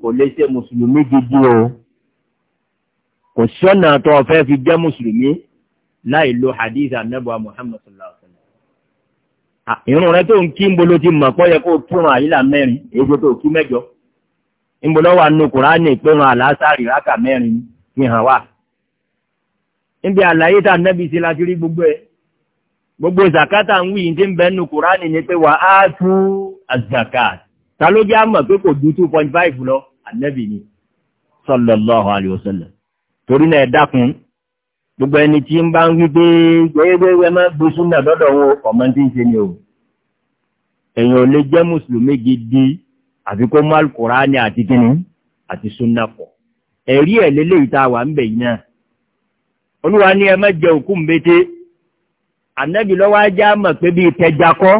kò lè ṣe mùsùlùmí gidi o kò sọ́nà tó o fi jẹ́ mùsùlùmí láì lo hadith anabuwa muhammad sallallahu alaihi wa sallam. irun rẹ tó ń kí nbolo ti mọ̀ pọ́ yẹ kó kírun àyílà mẹ́rin èso tó kí mẹ́jọ nbolo wà nù kúránì pérun àlásàrì rákà mẹ́rin fi hàn wá. níbi àlàyé tá nẹ́bi sí la ti rí gbogbo ẹ̀ gbogbo zakata ń wí tí ń bẹ nù ni pé wà á tú zakat ta ló pé kò ju two point five lọ ànẹ́bi ni sallallahu alaihi wa sallam torí náà ẹ dákun gbogbo ẹni tí ń bá ń wípé gbẹ́gbẹ́gbẹ́ máa gbé súnà lọ́dọ̀ wọn ọmọ tí ń ṣe ni o èèyàn lè jẹ́ mùsùlùmí gidi àfi kó mú alukurani àti kíni àti súnà pọ̀ ẹ̀rí ẹ̀ lélẹ́yìí tá a wà ń bẹ̀ yìí náà olúwa ní ẹ má jẹ òkú mbété ànábì lọ́wọ́ ajá mọ̀ pé bíi tẹjakọ́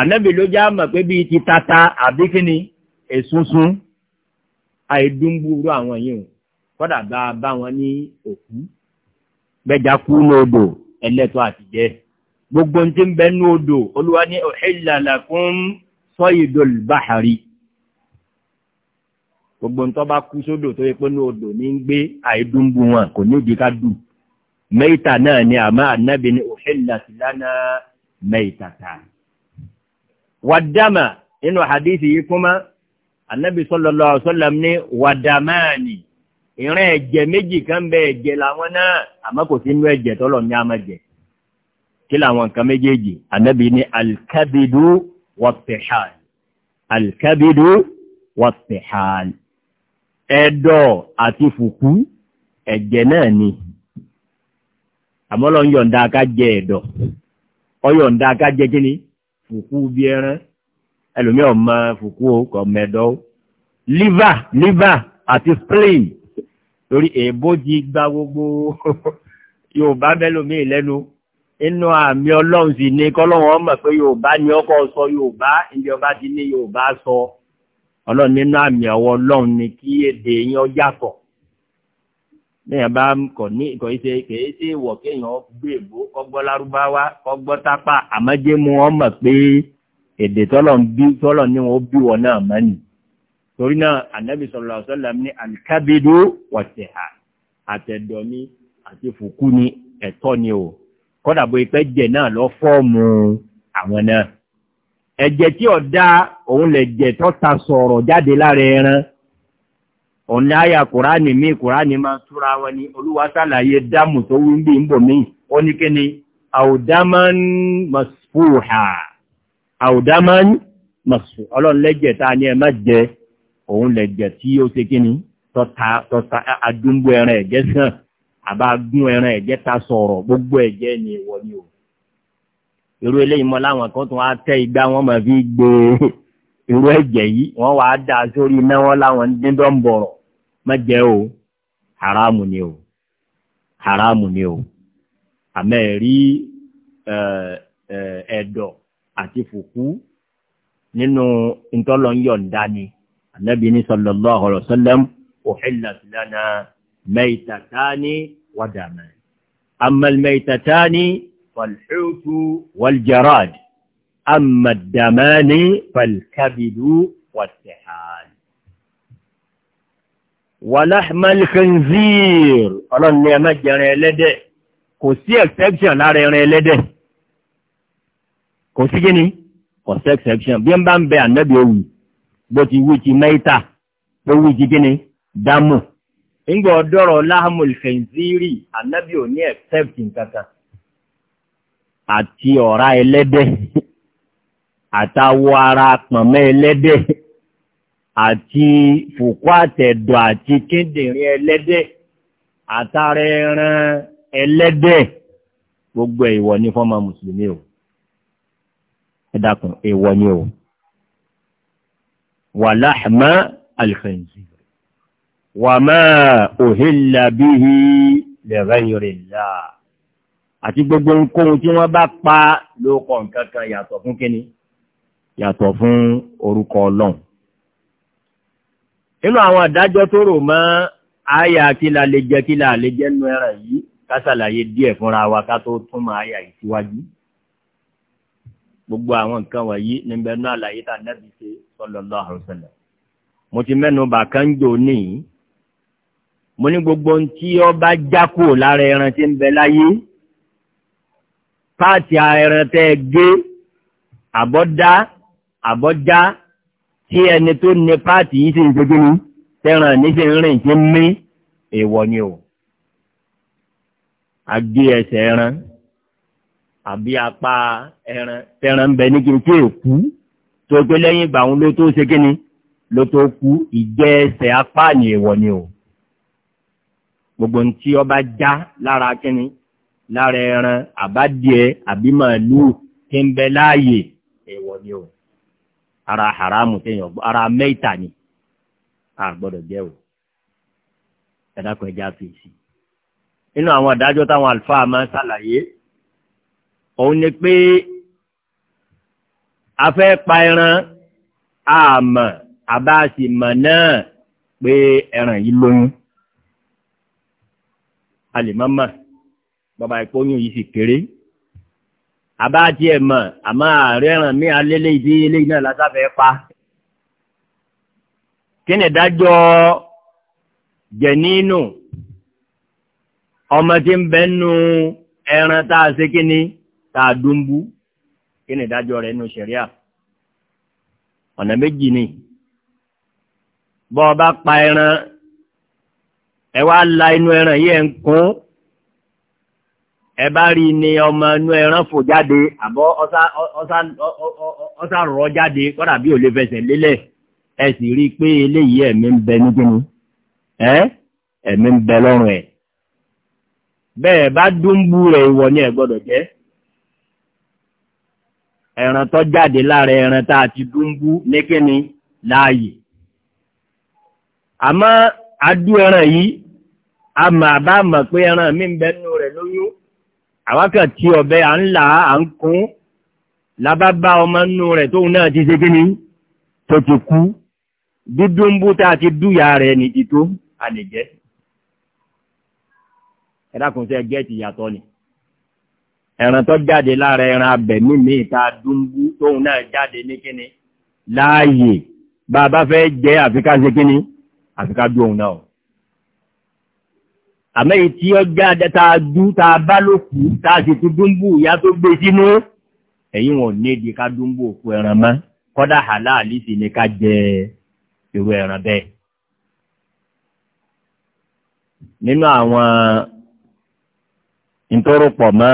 ànábì ló mọ̀ pé bíi ti tata àbí kíni èsúnsún àìdúnbúrú àwọn yìí kọ́dà bá bá wọn ní òkú bẹ́jà kú ní odò ẹlẹ́tọ́ àti jẹ́ gbogbo tí ń bẹ ní odò olúwa ní uhilla lakum saydul bahri gbogbo tó bá kú sódò tó yẹ pé ní odò ní ń gbé àìdúnbù wọn kò ní ìdí ká mẹ́ta náà ni àmọ́ ànábì ní uhillat lana maytatan wàdàmà nínú hadisi yìí kúmá ànábì sallallahu ìran ẹ̀jẹ̀ méjì kan bẹ ẹ̀jẹ̀ làwọn náà àmọ́ kò sí inú ẹ̀jẹ̀ tọ́lọ̀ ní amẹ́jẹ̀ kí làwọn nǹkan méjèèjì ànábì ní alkabidu wọ́pẹ̀hàn alkabidu wọ́pẹ̀hàn ẹ̀dọ̀ àti fùkú ẹ̀jẹ̀ náà ni àmọ́lọ́ ń yọ̀ǹda ká jẹ ẹ̀dọ̀ ọ yọ̀ǹda ká jẹ kí ni fùkú bí ẹran ẹlòmíràn mọ fùkú kọ̀ mẹ́dọ̀ liver liver àti spleen torí èèbó ti gba gbogbo yorùbá bẹ́lòmí lẹ́nu inú àmì ọlọ́run sì ni kọ́lọ́run ọmọ pé yorùbá ni ọkọ̀ sọ yorùbá ibi ọba ti ní yorùbá sọ ọlọ́run nínú àmì ọwọ́ ọlọ́run ni kí èdè yín ọ yàtọ̀ lẹ́yìn bá kọ̀ ní ìkọ̀ ìṣe kèé sí ìwọ̀ kéèyàn gbé èbó kọ́gbọ́ lárúbáwá kọ́gbọ́ tápà àmọ́jẹ́mu ọmọ pé èdè tọ́lọ̀ ń bí tọ́lọ̀ ní wọn ó bí wọn náà mọ́ torí náà ànábì sallallahu alaihi wasallam ní àǹkábídó wọ̀tẹ̀hà àtẹ̀dọ̀ ni àti fùkú ni ẹ̀tọ́ ni o kọ́dà bó ipẹ́ jẹ náà lọ fọ́ọ̀mù àwọn náà ẹ̀jẹ̀ tí ó dá òun lè jẹ tó ta sọ̀rọ̀ jáde lára ẹran òun ní àyà kùránì mí kùránì máa túra wọn ni olúwa sàlàyé dáàmù tó wí ń bí ń bò mí ó ní kí ni àwùdámán masfuha àwùdámán masfuha ọlọ́run lẹ́jẹ̀ tá ẹ má jẹ́ òun lẹ̀jẹ̀ tí ó ṣe kí ni tọ́ta adúgbò ẹran ẹ̀jẹ̀ sàn àbá gún ẹran ẹ̀jẹ̀ ta sọ̀rọ̀ gbogbo ẹ̀jẹ̀ ni ìwọ ni o. irú eléyìí mọ láwọn kan tó wá tẹ igbá wọn máa fi gbé irú ẹ̀jẹ̀ yìí wọ́n wá dà sórí iná wọn láwọn dídọ́ ń bọ̀rọ̀ má jẹ́ o haramu ni o haramu ni o àmẹ́rí ẹ̀dọ̀ àti fùkú nínú ntọ́lọ́ ń yọ̀ǹda ni anabi ní sallallahu alayhi wa sallam uhillat lana maytatani wa daman amma al-maytatani fal-hut wal-jarad amma ad-damani fal-kabidu wat-tihal wàláhmàlìkànzíìr ọlọ́run ni ẹmẹ́ jẹrin ẹlẹ́dẹ̀ kò sí exception lára ẹran ẹlẹ́dẹ̀ kò sí gíní kò sí exception bí n bá ń bẹ ànábì òwì bó ti wí ti mẹ́ta ó wí ti dámù nígbà ọdọ́rọ̀ ànábì ò ní except nǹkankan àti ọ̀rá ẹlẹ́dẹ̀ àtàwọ ara pọ̀nmọ́ ẹlẹ́dẹ̀ àti fòkó àtẹ̀dọ̀ àti kíndìnrín ẹlẹ́dẹ̀ àtàrà ẹran gbogbo ní fọ́mà mùsùlùmí o ẹ dákun ni o. wà láhmá alìfẹ̀ǹsì wà máa òhìlà bí i lẹ̀rẹ́ ìrìnlá àti gbogbo nǹkan tí wọ́n bá pa ló kọ̀ nǹkan kan yàtọ̀ fún kíni yàtọ̀ fún orúkọ ọlọ́run nínú àwọn àdájọ́ tó rò mọ́ àyà kíla lè jẹ kíla lè jẹ nú ẹran yìí ká díẹ̀ fúnra wa ká tó túmọ̀ àyà ìsíwájú gbogbo àwọn nǹkan wọ̀nyí níbẹ̀ náà àlàyé tá nẹ́bi ṣe sallallahu alaihi wasallam mo ti mẹ́nu bàkà ń jò ní mo ní gbogbo ohun tí ó bá jákò lára ẹran tí ń bẹ láyé páàtì ẹran tẹ́ ẹ gé àbọ̀dá àbọ̀já tí ẹni tó ní páàtì yìí sì ń ṣojú ní tẹ́ràn ní ń rìn sí mí èèwọ̀ ni o. a gé ẹsẹ̀ ẹran àbí apá ẹran tẹran bẹ ní kíni tí èkú tó gbé lẹ́yìn ìgbà òun ló tó ṣe kíni ló tó kú ìjẹ́ ẹsẹ̀ apá ni èèwọ̀ ni o gbogbo ní tí ọba já lára kíni lára ẹran àbádìẹ àbí màálùú tí ń bẹ láàyè èèwọ̀ ni o ara haramu téèyàn gbọ́ ara mẹ́ta ni a gbọ́dọ̀ jẹ́ o ẹ̀dá kan ẹja fèsì inú àwọn àdájọ́ táwọn àlùfáà máa ń ṣàlàyé òun ni pé a fẹ́ pa ẹran àmọ́ àbáàsì mọ̀ náà pé ẹran yìí lóyún a lè mọ́ mọ̀ bàbá ìpóyún yìí sì kéré àbáàtì ẹ̀ mọ̀ àmọ́ ààrẹ ẹran mi alẹ́lẹ́ ìdí eléyìí náà lásáfẹ́ pa kí ni ìdájọ́ jẹ̀nínú ọmọ tí ń bẹ́nu ẹran tá a ṣe kí ni táa dúnbú kí ni ìdájọ́ rẹ̀ nínú ṣẹ̀ríà ọ̀nà méjì ni bọ́ ọba pa ẹran ẹ wá la inú ẹran yìí ẹ̀ ń kún ẹ bá rí ni ọmọ inú ẹran fò jáde àbọ̀ ọ̀sà rọ̀ jáde kọ́dà bí ò lè fẹsẹ̀ lélẹ̀ ẹ sì rí i pé eléyìí ẹ̀mí ń bẹ nígbìmí ẹ ẹ̀mí ń bẹ lọ́rùn ẹ̀ bẹ́ẹ̀ bá dúnbú rẹ̀ ìwọ ni ẹ gbọ́dọ̀ jẹ́ ẹran tó jáde lára ẹran tá a ti dúnbú ní kíni láàyè àmọ́ adú ẹran yìí a mà bá mọ̀ pé ẹran mi ń bẹnu rẹ̀ lóyún àwákàn tí ọ̀bẹ à ń là á ń kún lábábá ọmọ nínú rẹ̀ tóun náà ti ṣe kíni tó ti kú dúdúnbú tá a ti dúyà rẹ̀ ní tító a lè jẹ́ ẹ̀dá kùn sí ẹgbẹ́ ti yàtọ̀ ni ẹran tó jáde lára ẹran abẹ̀mí mi ta dúnbú tóun náà jáde ní kíni láàyè bá a bá fẹ́ jẹ́ àfikà ṣe kíni àfikà dún òun náà àmẹ́yìí tí ó jáde tá a dú tá a bá ló kú tá a sì tún dúnbù ìyá tó gbé sínú ẹ̀yìn wọn nídìí ká dúnbù òkú ẹran mọ́ kọ́dà hàláàlì sì ni ká jẹ irú ẹran bẹ́ẹ̀. nínú àwọn ìtọ́rọpọ̀ mọ́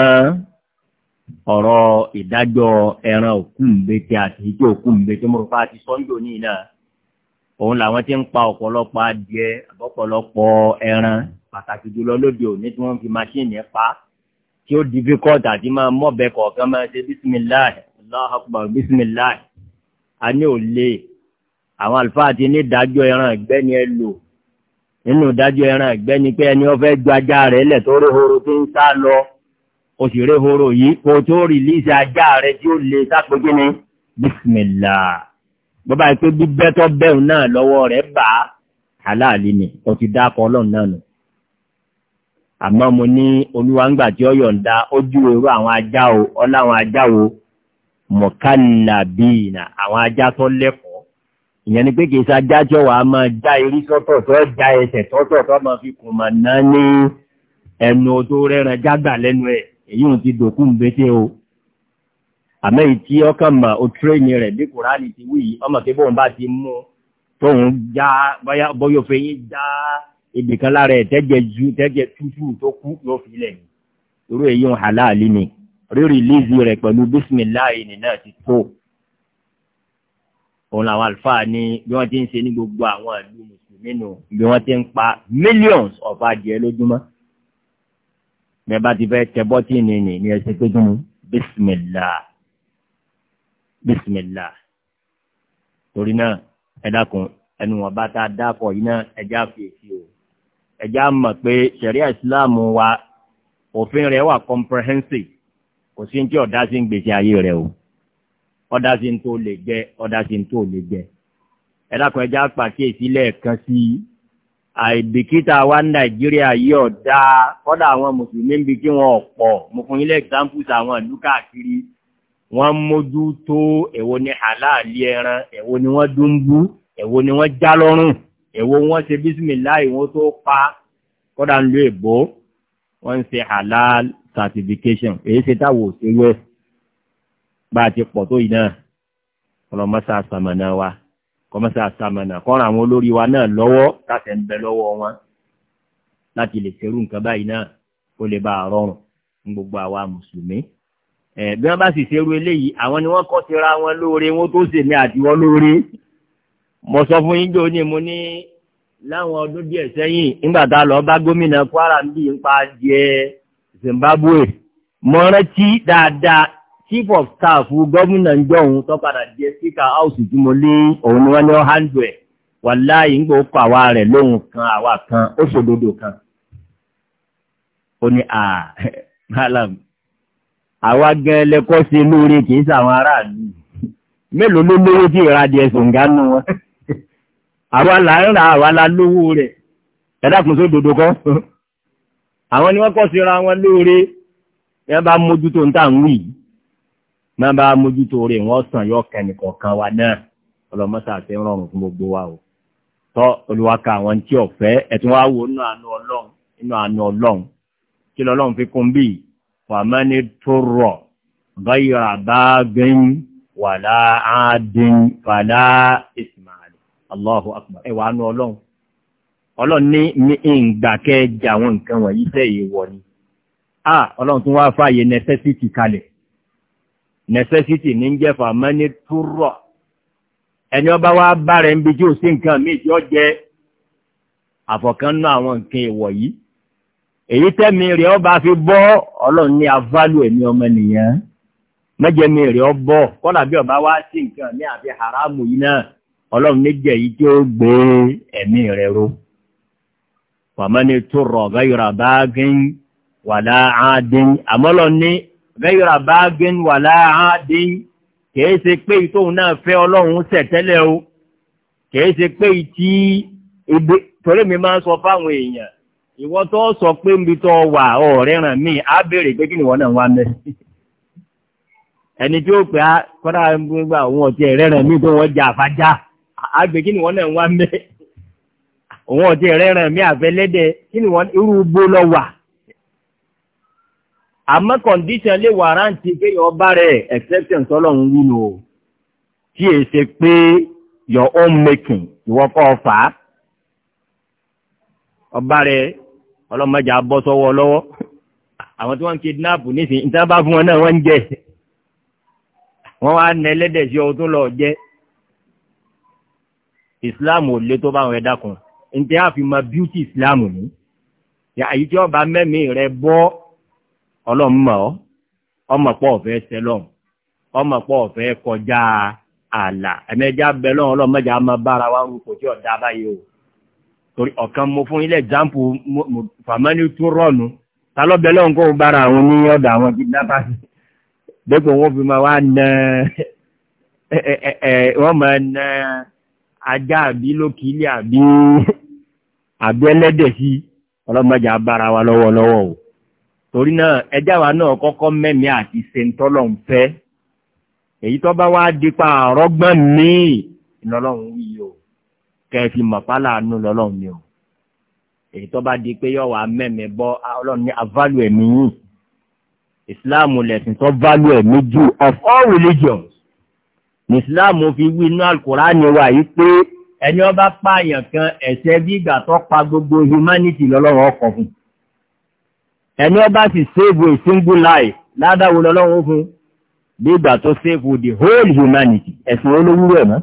ọ̀rọ̀ ìdájọ́ ẹran òkú ńbẹ́tẹ́ àti ìjọ òkú ńbẹ́tẹ́ mọ̀rọ̀ fáti sọ́ńdò ní iná òun làwọn ti ń pa ọ̀pọ̀lọpọ̀ adìẹ ọ̀pọ̀lọpọ̀ ẹran pàtàkì jùlọ lóde òní tí wọ́n fi máṣíìnì pa tí ó di fíkọ́ọ̀tì àti máa mọ̀bẹ kọ̀ọ̀kan máa ṣe bísímìláì Allahu akbar bísímìláì a ní ò àwọn àlùfáà ti ní ìdájọ́ ẹran ẹ̀gbẹ́ ni ẹ lò nínú ìdájọ́ ẹran ẹ̀gbẹ́ ni pé ẹni ó fẹ́ ju ajá rẹ̀ lẹ̀ tó róhoro tó ń sá lọ òṣèré horo yìí kò tó rìlíìsì ajá rẹ tí ó lè sápẹ́jì ní bísímìlà bọ́bá yìí pé bíbẹ́ tó bẹ́ẹ̀ náà lọ́wọ́ rẹ̀ bá aláàlí ni o ti dá akọ ọlọ́run náà nù. àmọ́ mo ní olúwa ń gbà tí ó yọ̀ǹda ó ju èrò àwọn ajá o ọláwọn ajá o mọ̀kànlábìnà àwọn ajá tó lẹ́kọ̀ọ́ ìyẹn ni pé kì í ṣe ajá tí máa já irí sọ́tọ̀ tó já ẹsẹ̀ tọ́tọ̀ tó máa fi kùn mọ̀ ní ẹnu tó rẹ́ran jágbà lẹ́nu ẹ̀ èyí ò ti dòkú ń bẹ́tẹ́ o àmọ́ èyí tí ọkàn mà ó tírẹ́nì rẹ̀ bí kùránì ti wí yìí ọmọ pé bóun bá ti mú tóun já bóyá fẹ́yìn já ibìkan lára ẹ̀ tẹ́jẹ̀ ju tẹ́jẹ̀ tútù tó kú yóò fi lẹ̀ ní irú èyí ń halali ni rírì lízi rẹ̀ pẹ̀lú bísímìláì nì náà ti tó òun làwọn àlùfáà ní bí wọ́n ti ń ṣe ní gbogbo àwọn ìlú mùsùlùmí nù bí wọ́n ti ń pa millions of adìẹ lójúmọ́ bẹ́ẹ̀ bá ti fẹ́ tẹ bọ́tì nìyí ni ẹ ṣe pé kí ni bísímìlà bísímìlà torí náà ẹ dákun ẹnu wọn bá tá a dákọ yìí náà ẹ já fèsì o ẹ já mọ̀ pé sẹ̀ríà ìsìláàmù wa òfin rẹ̀ wà comprehensive kò sí ní tí sí ń gbèsè ayé rẹ̀ o ọ̀dá sí ń tó lè jẹ ọ̀dá sí ń tó lè jẹ ẹ dákun ẹ já pàkíyèsí lẹ́ẹ̀kan sí i àìbìkítà wa nàìjíríà yìí ọ̀dá kọ́dà àwọn mùsùlùmí ń bi kí wọ́n ọ̀pọ̀ mo fún ilé examples àwọn ìlú káàkiri wọ́n mójú tó èwo ni àláàlì ẹran èwo ni wọ́n dúnbú èwo ni wọ́n já lọ́rùn èwo wọ́n ṣe bísímìláì wọ́n tó pa kọ́dà ń lo èbó wọ́n ń ṣe halal certification èyí ṣe táwọ̀ òṣèwẹ́ bá a ti pọ̀ tó yìí náà ọlọ́mọ́sá sàmọ̀nà wa kọmọsá àsàmànà kọ́ra àwọn olórí wa náà lọ́wọ́ tàṣẹ ń bẹ lọ́wọ́ wọn láti lè ṣerú nǹkan báyìí náà ó lè bá a rọrùn ní gbogbo àwa mùsùlùmí. ẹ bí wọn bá sì ṣerú eléyìí àwọn ni wọn kọ síra wọn lóore wọn tó ṣèmi àtiwọn lóore. mo sọ fún yín jò ní mo ní láwọn ọdún díẹ̀ sẹ́yìn nígbà tá a lọ bá gómìnà Kwara ń bí nípa jẹ Zimbabwe mo rántí dáadáa chief of staff gọ́mìnà ń jọun tó padà jẹ́ síkà áùsì tí mo lé òun ni wọ́n ní ọ́hándù ẹ̀ wà láàyè ń gbòókò àwa rẹ̀ lóhun kan àwa kan ó ṣòdodo kan ó ní à malam àwa gan ẹlẹ́kọ́ sí lóore kì í sàwọn aráàlú mélòó ló lówó tí ìradì ẹ̀sùn gánú wọn àwa là ń ra àwa la lówó rẹ̀ ẹ̀dá kùn sódodo kan àwọn ni wọ́n kọ́ síra wọn lóore ẹ bá mójútó ń tà ń wí yìí. máa bá mójútó rẹ̀ wọ́n sàn yọ kẹ́ni kọ̀ọ̀kan wa náà ọlọ́mọ́sà ti ń rọrùn fún gbogbo wa o tọ́ olùwàkà àwọn tí ọ̀fẹ́ ẹ̀tún wá wo inú àánú ọlọ́run kí lọ́lọ́run fi kún bíi wàmẹ́ni tó rọ̀ báyọ̀ àbágbẹ́yìn wàlá àádín necessity ní jẹ́ fàmánì túrọ̀ ẹni ọba wa bá rẹ̀ ń bi tí sí nǹkan míì tí jẹ́ àfọ̀kánná àwọn nǹkan èèwọ̀ yìí èyí tẹ́mi rẹ̀ ọba fi bọ́ ọlọ́run ní aválù ẹ̀mí ọmọ nìyẹn mẹ́jẹ̀mí rẹ̀ ọbọ̀ kọ́là bí ọba wá sí nǹkan ní haramu yìí náà ọlọ́run tí ó gbé ẹ̀mí rẹ̀ ro túrọ̀ àmọ́lọ́ ní gẹ́yìrà bá gẹ́n wà láàádín kìí ṣe pé ìtóhun náà fẹ́ ọlọ́run ṣẹ̀ tẹ́lẹ̀ o kìí ṣe pé ìtí ìdè torí mi máa ń sọ fáwọn èèyàn ìwọ tó sọ pé níbi tó wà ọ̀rẹ́ ràn mí á béèrè pé kí ni ìwọ náà wá mẹ́ ẹni tí ó pè àmọ́ condition lè wàrántì pé yọ bá rẹ̀ exception tọ́lọ́run wúlò o tí è ṣe pé your own making ìwọ kọ́ fà á ọba rẹ̀ ọlọ́mọdé abọ́ sọ́wọ́ lọ́wọ́ àwọn tí wọ́n ń kidnap nísìnyí níta bá fún wọn náà wọ́n ń jẹ wọ́n wá nà ẹlẹ́dẹ̀ sí ọ lọ jẹ́ Islam ò lé tó bá wọn ẹ dákun ntẹ́ àfi mọ beauty Islam ní àyíkí ọba mẹ́mìí rẹ bọ́ ọlọ́mọ ọmọ pọ̀ ọ̀fẹ́ sẹlọ̀n ọmọ pọ̀ ọ̀fẹ́ kọjá ààlà ẹ̀mẹ́jà bẹ̀lọ́n ọlọ́mọjà máa bára wa rúkò tí ọ̀dá báyìí o torí ọ̀kan mo fún ilé ìjàmpù fàmánì tún rọ̀nù ta ló bẹ̀lọ́n kó bára àwọn ní ọ̀dọ̀ àwọn kìdínápà dépò wọn fi máa wá na wọ́n máa na ajá àbí lókìlì àbí àbí ẹlẹ́dẹ̀ sí ọlọ́mọjà bára wa lọ́wọ́lọ́wọ́ o torí náà ẹjá wa náà kọ́kọ́ mẹ́mí àti sentọ́lọ̀ ń fẹ́ èyí tó bá wá dípa àrọ́gbọ́n míì lọ́lọ́run wí o kẹfì mọ̀pálà nù lọ́lọ́run ni o èyí tó bá di pé yọ wà mẹ́mí bọ́ ọlọ́run ní avalu ẹ̀mí yìí islam lẹ̀sìn tó valu ẹ̀mí jù of all religions ní islam fi wí inú ni wa yìí pé ẹni ọba pààyàn kan ẹ̀ṣẹ̀ bí ìgbà tó pa gbogbo humanity lọ́lọ́run ọkọ̀ fún un ẹni ọba sì save a single life ládàwọ lọ́lọ́run fún bí ìgbà tó save the whole humanity ẹ̀sìn olówúrò ẹ̀ mọ́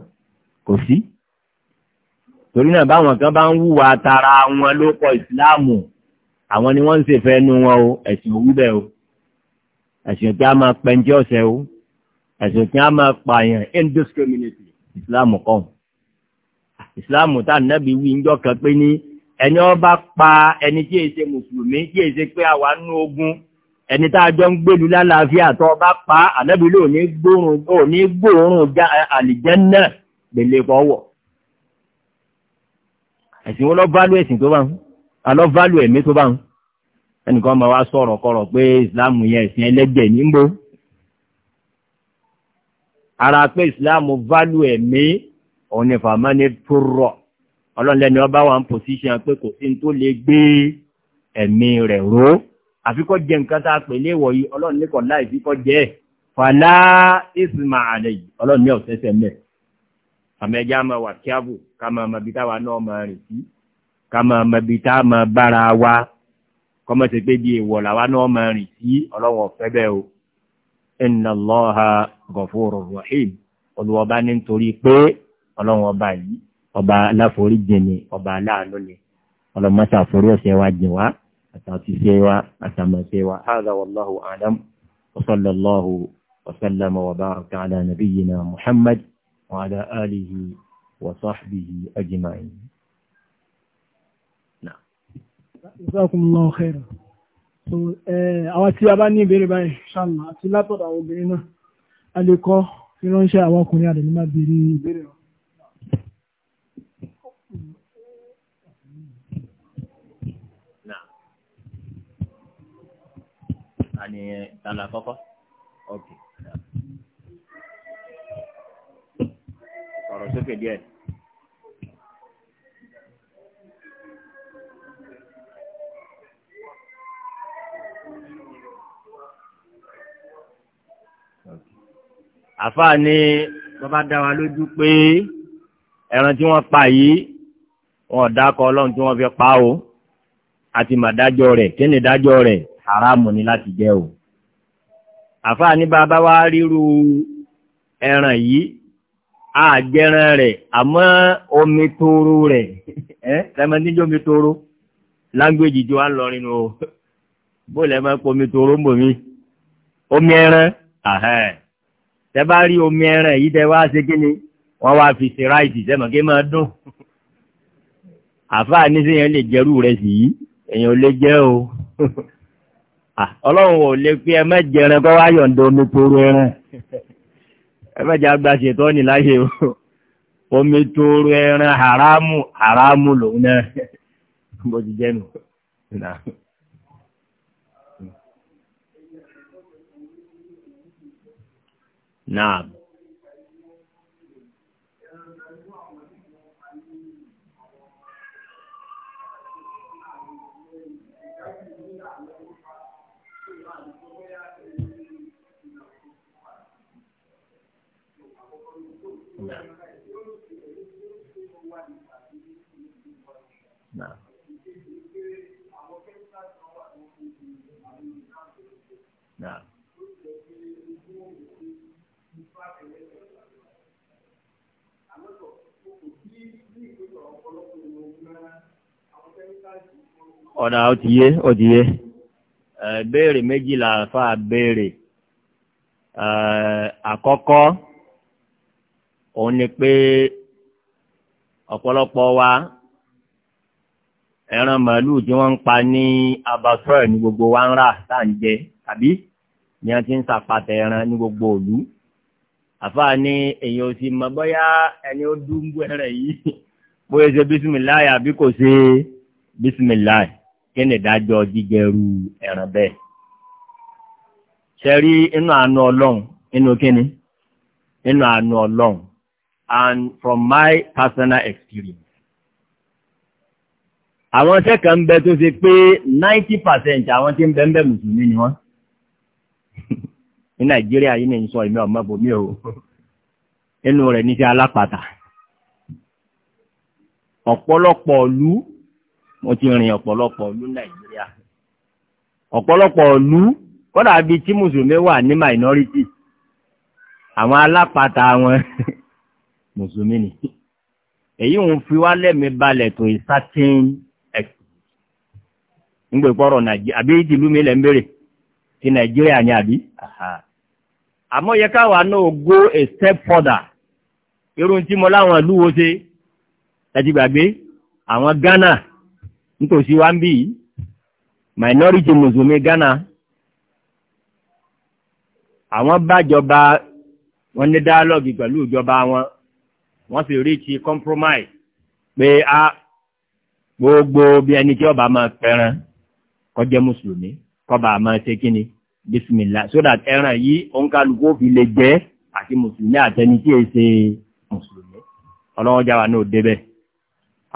kò sí torí náà báwọn kan bá ń wúwa tara wọn ló kọ ìsìláàmù àwọn ni wọ́n ń ṣèfẹ́ nu wọn o ẹ̀sìn òwúbẹ̀ o ẹ̀sìn tí a máa pẹ́ńtí ọ̀sẹ̀ o ẹ̀sìn tí a máa pààyàn indiscriminately ìsìláàmù kọ́ ìsìláàmù tá a nábì wí ń jọ́ kan pé ní ẹni ọba pa ẹni tí èsè mùsùlùmí tí èsè pé àwa nú ogun ẹni tá a jọ ń gbèlú lálàáfíà tó ọba pa ànábì ló ní gbòòrùn àlìjẹ́nà gbèlè pọ̀wọ̀ ẹ̀sìn wọn lọ válù ẹ̀sìn tó bá ń alọ́ válù ẹ̀mí tó bá ń ẹnìkan máa wá sọ̀rọ̀ kọ̀rọ̀ pé ìsìláàmù yẹn ẹ̀sìn ẹlẹ́gbẹ̀ẹ́ ní ń ara pé ìsìláàmù válù ẹ̀mí òun ni fàmánì tó rọ̀ ọlọ́nlẹ́ni ọba wà ń pòsíṣẹ́ pé kò sí tó lè gbé ẹ̀mí rẹ̀ ró àfikọ́ jẹ nǹkan tá a pè léwọ̀ yìí ọlọ́run ní kọ̀ láì fíkọ́ jẹ́ fàlá ìsìnmà àlẹ́ yìí ọlọ́run ní ọ̀sẹ̀sẹ̀ mẹ́ àmẹ́já máa wà kíábù ká máa mọ ibi táwa náà máa rìn sí ká máa mọ ibi tá a máa bára wa kọ́mọ̀ sí pé bí èèwọ̀ làwa náà máa rìn sí ọlọ́run ọ̀fẹ́ bẹ́ẹ̀ o inna Allaha ghafurur rahim olùwọ́ba ní nítorí pé ọlọ́run ọba yìí ọba aláforíjì ni ọba aláàánú ni ọlọmọta àforí ọsẹ wa jìn wá àtàtúnṣe wa àtàmọṣe wa hàdà wàlláhu àdám wasallallahu wasallam wa baraka ala nabiyyina muhammad wa ala alihi wa sahbihi ajma'in. Jazakumullahu khairan. So, àwọn tí a bá ní ìbéèrè báyìí, ṣàlá àti látọ̀dọ̀ àwọn obìnrin náà, a lè kọ́ fi ránṣẹ́ àwọn ọkùnrin àdè ní ìbéèrè wọn. àní ìtàlà àkọ́kọ́. Okay. sọ̀rọ̀ sókè díẹ̀. àfáà ni bàbá dá wa lójú pé ẹran tí wọ́n pa yìí wọn ò dákọ ọlọ́run tí wọ́n fi pa o àti màdájọ́ rẹ̀ kí ni ìdájọ́ rẹ̀ haramu ni láti jẹ́ o àfáà ní bàbá wa ríru ẹran yìí àjẹran rẹ̀ àmọ́ omi tóoru rẹ̀ ẹ́ lẹ́mọ̀ níjọ́ omi tóoru lágbèjì tí wà ń lọrin o bó lẹ́mọ̀ omi tóoru ń bò omi ẹran àhẹ́ tẹ bá rí omi ẹran yìí tẹ wá ṣe kí ni wọ́n wá fi ṣe ráìtì sẹ́mọ̀ kí máa dùn àfáà ní sí yẹn lè jẹ́rú rẹ̀ sí yìí èèyàn lè jẹ́ o ọlọ́run ò lè pé ẹmẹ́ jẹrin kọ́ wáyọ̀ ń domi tóró ẹran ẹmẹ́ jẹ́ agbáṣe tó ní láyé o omi tóró ẹran haramu haramu lòun náà bó ti jẹ́ nù. Naam. náà. náà. ọ̀dà ó ti yé ó ti yé béèrè méjì làáfà béèrè àkọ́kọ́ òun ni pé ọ̀pọ̀lọpọ̀ wa ẹran màálù tí wọ́n ń pa ní abasra ní gbogbo wa ń rà tá à ń jẹ àbí ni a ti ń sàpàtà ẹran ní gbogbo òlú àfáà ní èyàn ò sì mọ bóyá ẹni ó dúnbú ẹrẹ yìí bóyá ṣe bísímìláì àbí kò ṣe bísímìláì kí ni ìdájọ́ jíjẹrú ẹran bẹ́ẹ̀ ṣe inú àánú ọlọ́run inú kíni inú àánú ọlọ́run and from my personal experience àwọn sẹ́kà ń bẹ tó ṣe pé ninety percent àwọn tí ń bẹ ń bẹ mùsùlùmí ni wọ́n ní nàìjíríà yìí ní sọ ìmọ̀ ọmọbòmí o inú rẹ̀ ní sí alápàtà ọ̀pọ̀lọpọ̀ ìlú mo ti rìn ọ̀pọ̀lọpọ̀ ìlú nàìjíríà ọ̀pọ̀lọpọ̀ ìlú kọ́dà bí tí mùsùlùmí wà ní minority àwọn alápàtà wọn mùsùlùmí ni èyí ń fi wá lẹ́mìí balẹ̀ tó a certain ńgbè pọ̀rọ̀ nàìjíríà àbí ìdìlú mi lẹ̀ ń bèrè ti nàìjíríà ni àbí. àmọ́ yẹ káwa náà go a step further irun tí mo láwọn ìlú wo ṣe ẹtì gbàgbé àwọn Ghana nítòsí wa ń bí minority mùsùlùmí Ghana àwọn bájọba wọn ní dialogue pẹ̀lú ìjọba wọn wọ́n sì rí ti compromise pé a ah, gbogbo bí ẹni tí ọba máa fẹ́ràn kọjẹ́ mùsùlùmí kọba àmọ́ ṣe kí ni bisimilá so that ẹran yìí òǹkàlùkù òfin lè jẹ́ àti mùsùlùmí àtẹni tí è ṣe mùsùlùmí ọlọ́wọ́ jáwa náà débẹ̀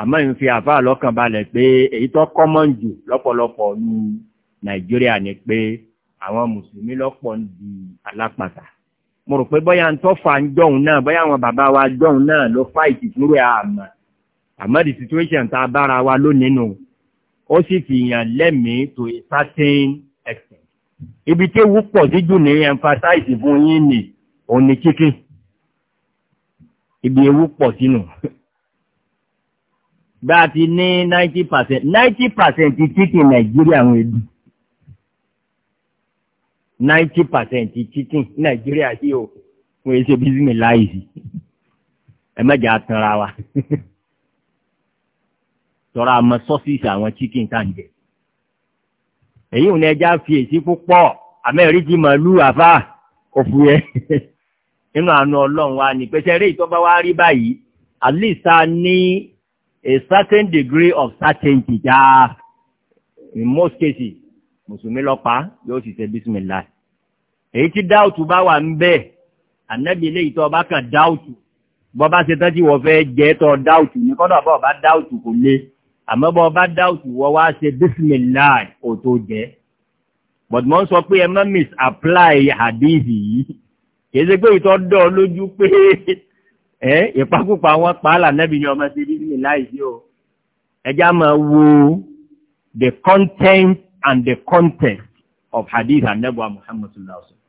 àmọ́ ń fi àfáà lọ́kàn balẹ̀ pé èyí tó kọ́mọ̀n jù lọ́pọ̀lọpọ̀ ní nàìjíríà ni pé àwọn mùsùlùmí lọ́pọ̀ ń di alápàtà mo rò pé bóyá ń tọ́fà ń jọ̀hún náà bóyá àwọn bàbá wa jọ̀hún náà ló fáìtì fúnrẹ́ àmọ́ àmọ́ the situation tá a bára wa lónìí nù ó sì fi yàn lẹ́mìí to a certain extent. ibi tí ewu pọ̀ sí jù ní emphasize fún yín nì òun ni chicken ibi ewu pọ̀ sínú bá a ti ní ninety percent ninety percent chicken nàìjíríà ń ebi ninety percent chicken nàìjíríà sí o wọ́n ṣe bísí mi láì sí ẹ mẹ́jọ atanra wa. tọ́ra àmọ́ sọ́sìsì àwọn chicken tá à ń jẹ. èyí ò ní ẹja fi èsì púpọ̀ àmẹ́rìndì màálù àfà òfu yẹ nínú àánú ọlọ́run wa ní pẹ́sẹ́ eré ìtọ́ba wa rí báyìí at least a ní a certain degree of certainty já in most cases mùsùlùmí lọ́pàá yóò sì ṣe bísímìlá èyí tí dáùtù bá wà ń bẹ ànábì ilé ìtọ́ bá kàn dáùtù bọ́ bá ṣe tán tí wọ́n fẹ́ jẹ́ tọ́ dáùtù ní kọ́dọ̀ bọ́ bá dáùtù kò lé àmọ́bọ̀ bá dáùtù wọ́ wá ṣe bísmìláà ò tó jẹ́ but mo ń sọ pé ẹ má misapply hadithi yìí kìí ṣe pé ìtọ́ dọ̀ lójú pé ẹ ìpakúpa wọn pa á lànàbí ni ọmọ ṣe bísmìláà yìí o ẹjá máa wo the content and the context of hadith anabu muhammad sallallahu alaihi wa sallam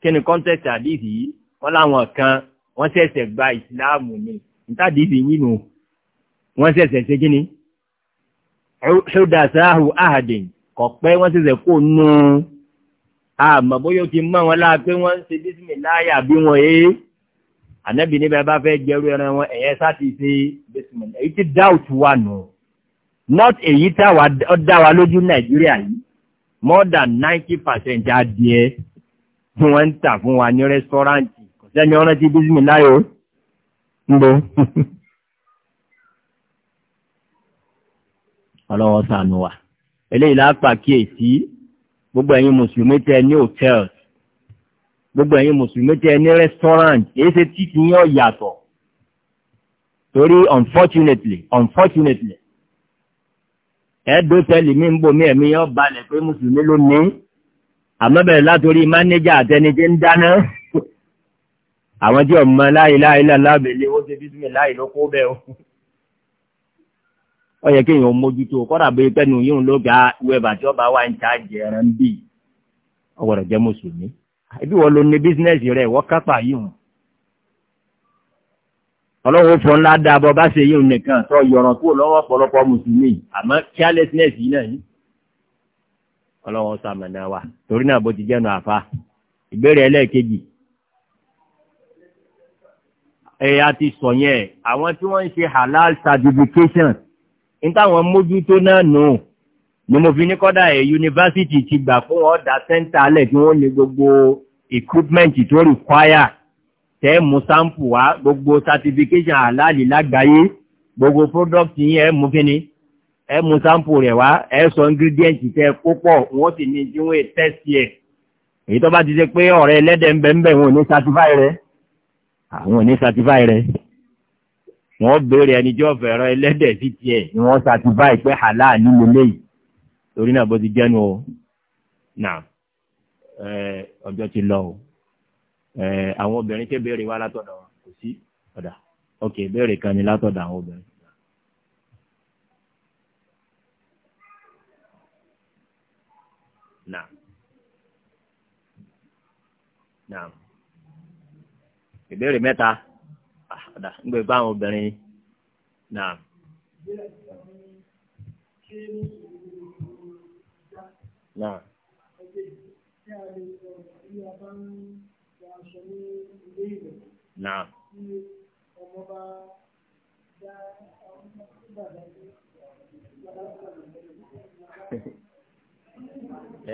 kí ni context hadith yìí wọ́n láwọn kan wọ́n ṣẹ̀ṣẹ̀ gba ìsìláàmù ni nítàdí ti wí nù wọ́n ṣẹ̀ṣẹ̀ ṣe kí ni ṣúdàṣáhù ahàdìn kọ̀ pẹ́ wọ́n ṣẹ̀ṣẹ̀ kó nù àmọ́ bóyá ti mọ́ wọn láà pé wọ́n ń ṣe bísímì láyà bí wọ́n yé ànábì níbẹ̀ bá fẹ́ jẹ́rú ẹran wọn ẹ̀yẹ sáti ṣe bísímì èyí ti doubt wà nù not èyí táwa dá wa lójú nàìjíríà yìí more than ninety percent adìẹ tí wọ́n ń tà fún wa ní rẹ́sítọ́ráǹtì kò sẹ́ni ọ̀rẹ́ ti bísímì láyò ń bọ́. ọlọ́wọ́ sànù wa eléyìí lápá kíyèsí gbogbo ẹ̀yin mùsùlùmí tẹ ní hòtẹ́ẹ̀lì gbogbo ẹ̀yin mùsùlùmí tẹ ní rẹ́sítọ́ràǹtì èyí ṣe títí yóò yàtọ̀ torí unfortunately unfortunately ẹ̀ẹ́dọ́ tẹ́lì mí ń bò mí ẹ̀mí yóò balẹ̀ pé mùsùlùmí ló ní àmọ́ bẹ̀rẹ̀ látòrí mánéjà àtẹnijẹ́ ń dáná àwọn tí ọmọ láyé láyé lálábẹ̀lẹ̀ ó ṣe bísí mi láyé ló kó bẹ́ẹ̀ o ó yẹ kí èèyàn mójútó kọ́dà bẹ́ẹ̀ pẹ́nu yóò ló ga wẹ́ẹ̀bà tí ọba wa ń ta jẹ ẹran bì ọwọ́rọ̀ jẹ́ mùsùlùmí ibi wọ́n lo ní bísínẹ́sì rẹ̀ wọ́n kápá yìí hùn ọlọ́run fún ńlá dáa bọ́ bá ṣe yóò nìkan tó yọ̀ràn kúrò lọ́wọ́ ọ̀pọ̀lọpọ̀ mùsùlùmí àmọ́ carelessness yìí náà yìí ọlọ́run sàmọ̀nà wa torí náà bó ti jẹ́nu àfa ìbéèrè ẹlẹ́ẹ̀kejì ẹ̀yà ti sọ yẹn àwọn tí wọ́n ń ṣe halal certification ní táwọn mójútó náà nù ni mo fi ní kọ́dà ẹ̀ yunifásitì ti gbà fún ọ̀dà sẹ́ńtà alẹ̀ tí wọ́n ní gbogbo equipment tó require tẹ́ mú sample wá gbogbo certification àlàálì lágbàáyé gbogbo product yín ẹ̀ mú kíni ẹ̀ mú sample rẹ̀ wá ẹ̀ sọ ingredient tẹ́ kó pọ̀ wọ́n sì ní tí wọ́n test yẹ èyí tó bá ti ṣe pé ọ̀rẹ́ ẹlẹ́dẹ̀ ń bẹ̀ ń bẹ̀ wọn ò ní certify rẹ̀ àwọn ò ní certify rẹ̀ wọ́n bèèrè ẹni fẹ̀rọ ẹlẹ́dẹ̀ sí tiẹ̀ ni wọ́n ṣàtúbà ìpẹ́ hàlá nílò léyìí torí náà bó ti jẹ́nu o náà ọjọ́ ti lọ o àwọn obìnrin tẹ́ bèèrè wá látọ̀dọ̀ wọn kò sí ọ̀dà ok kan ni látọ̀dọ̀ àwọn obìnrin. ọ̀dà ńgbé bá àwọn obìnrin náà. náà. náà.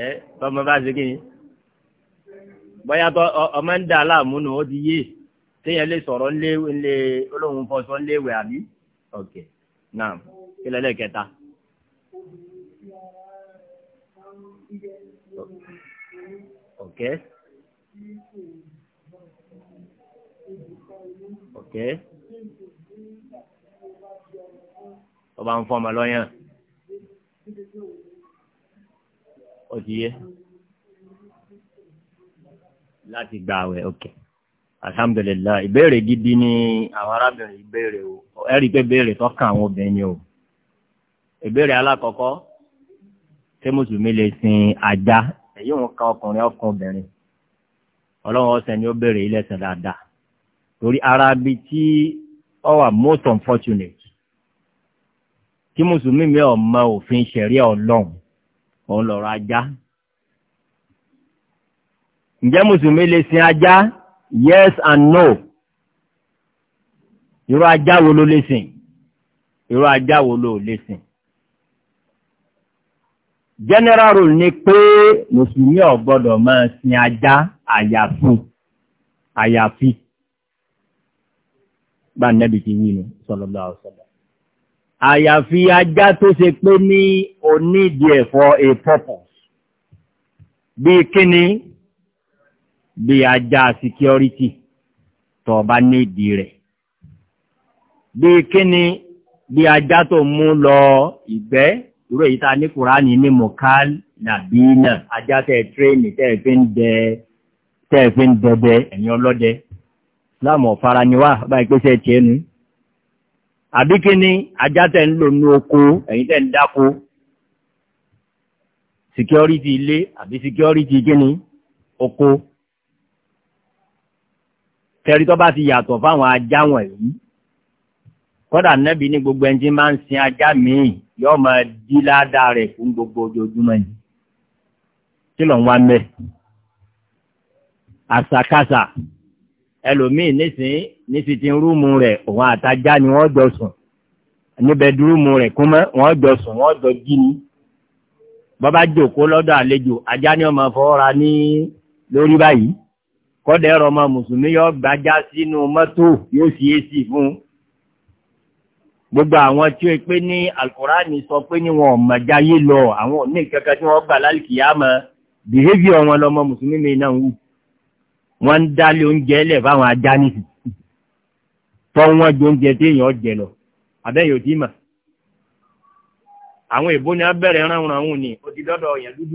ẹ tọmọ bá ṣe kí ni bóyá ọmọ ń dà láàmú nù ó ti yé téèyàn lè sọ̀rọ̀ lé lé olóhùn fọṣọ léwẹ̀ àbí ok náà kí lẹ́lẹ́ kẹta. ok ok ọba ń fọmọ lọ́yàn ó ti yé láti gbà wẹ̀ ok. Alhamdulillah, ìbéèrè gidi ni àwọn arábìnrin ìbéèrè o ẹ rí i pé béèrè tó kàn àwọn obìnrin o ìbéèrè alákọ̀ọ́kọ́ ṣé mùsùlùmí lè sin ajá èyí ń ka ọkùnrin ọkùnrin ọlọ́run ọ̀sẹ̀ ni ó béèrè ilé ẹ̀sẹ̀ dáadáa torí ara tí ọ wà most unfortunate tí mùsùlùmí mi ò mọ òfin ṣẹ̀ríà ọlọ́run òun lọ̀rọ̀ ajá ǹjẹ́ mùsùlùmí lè sin ajá yes and no irú ajá wo ló lè sìn irú ajá wo ló lè sìn general rule ni pé mùsùlùmí ò gbọ́dọ̀ máa sin ajá àyàfi àyàfi bá nẹ́bì ti wí ni sọlọ́lá ọ̀sọ̀lá àyàfi ajá tó ṣe pé ní onídìí ẹ̀ for a purpose bíi kíni bí ajá security tó bá nídìí rẹ̀ bí aja bí ajá tó mú lọ ìgbẹ́ irú èyí a ní kùránì ní nàbí náà ajá fi ń dẹ ẹ̀yìn ọlọ́dẹ láàmú ọ̀fara ni wá bá ìpèsè ajá ń lò ní oko ẹ̀yìn security ilé àbí security oko. tẹ̀rí tó bá ti yàtọ̀ fáwọn ajá wọ̀nyí kódà nẹ́bí ní gbogbo ẹni tí máa ń sin ajá míì yóò máa dí ládàá rẹ̀ fún gbogbo ojoojúmọ́ yìí kí ló ń wá mẹ́ àṣàkáṣà ẹlòmíì nísìn ní fitin rúùmù rẹ̀ òun àtajá ni wọ́n jọ sùn níbẹ̀ dúrúùmù rẹ̀ kún mọ́ wọ́n jọ sùn wọ́n jọ jí ni bọ́bá jòkó lọ́dọ̀ àlejò ajá ni ó máa fọwọ́ra ní lórí báyìí kọ́dẹ̀ ẹ̀rọ ọmọ mùsùlùmí yọ gbájá sínú mọ́tò yóò fi èsì fún gbogbo àwọn tí ó pé ní alukurani sọ pé ní wọn ọmọdé ayé lọ àwọn òní kankan tí wọn gbà lálùkìyàmọ behavior wọn lọmọ mùsùlùmí mi náà wù wọn ń dálé oúnjẹ fáwọn ajá nìyí tọ́ wọn oúnjẹ jẹ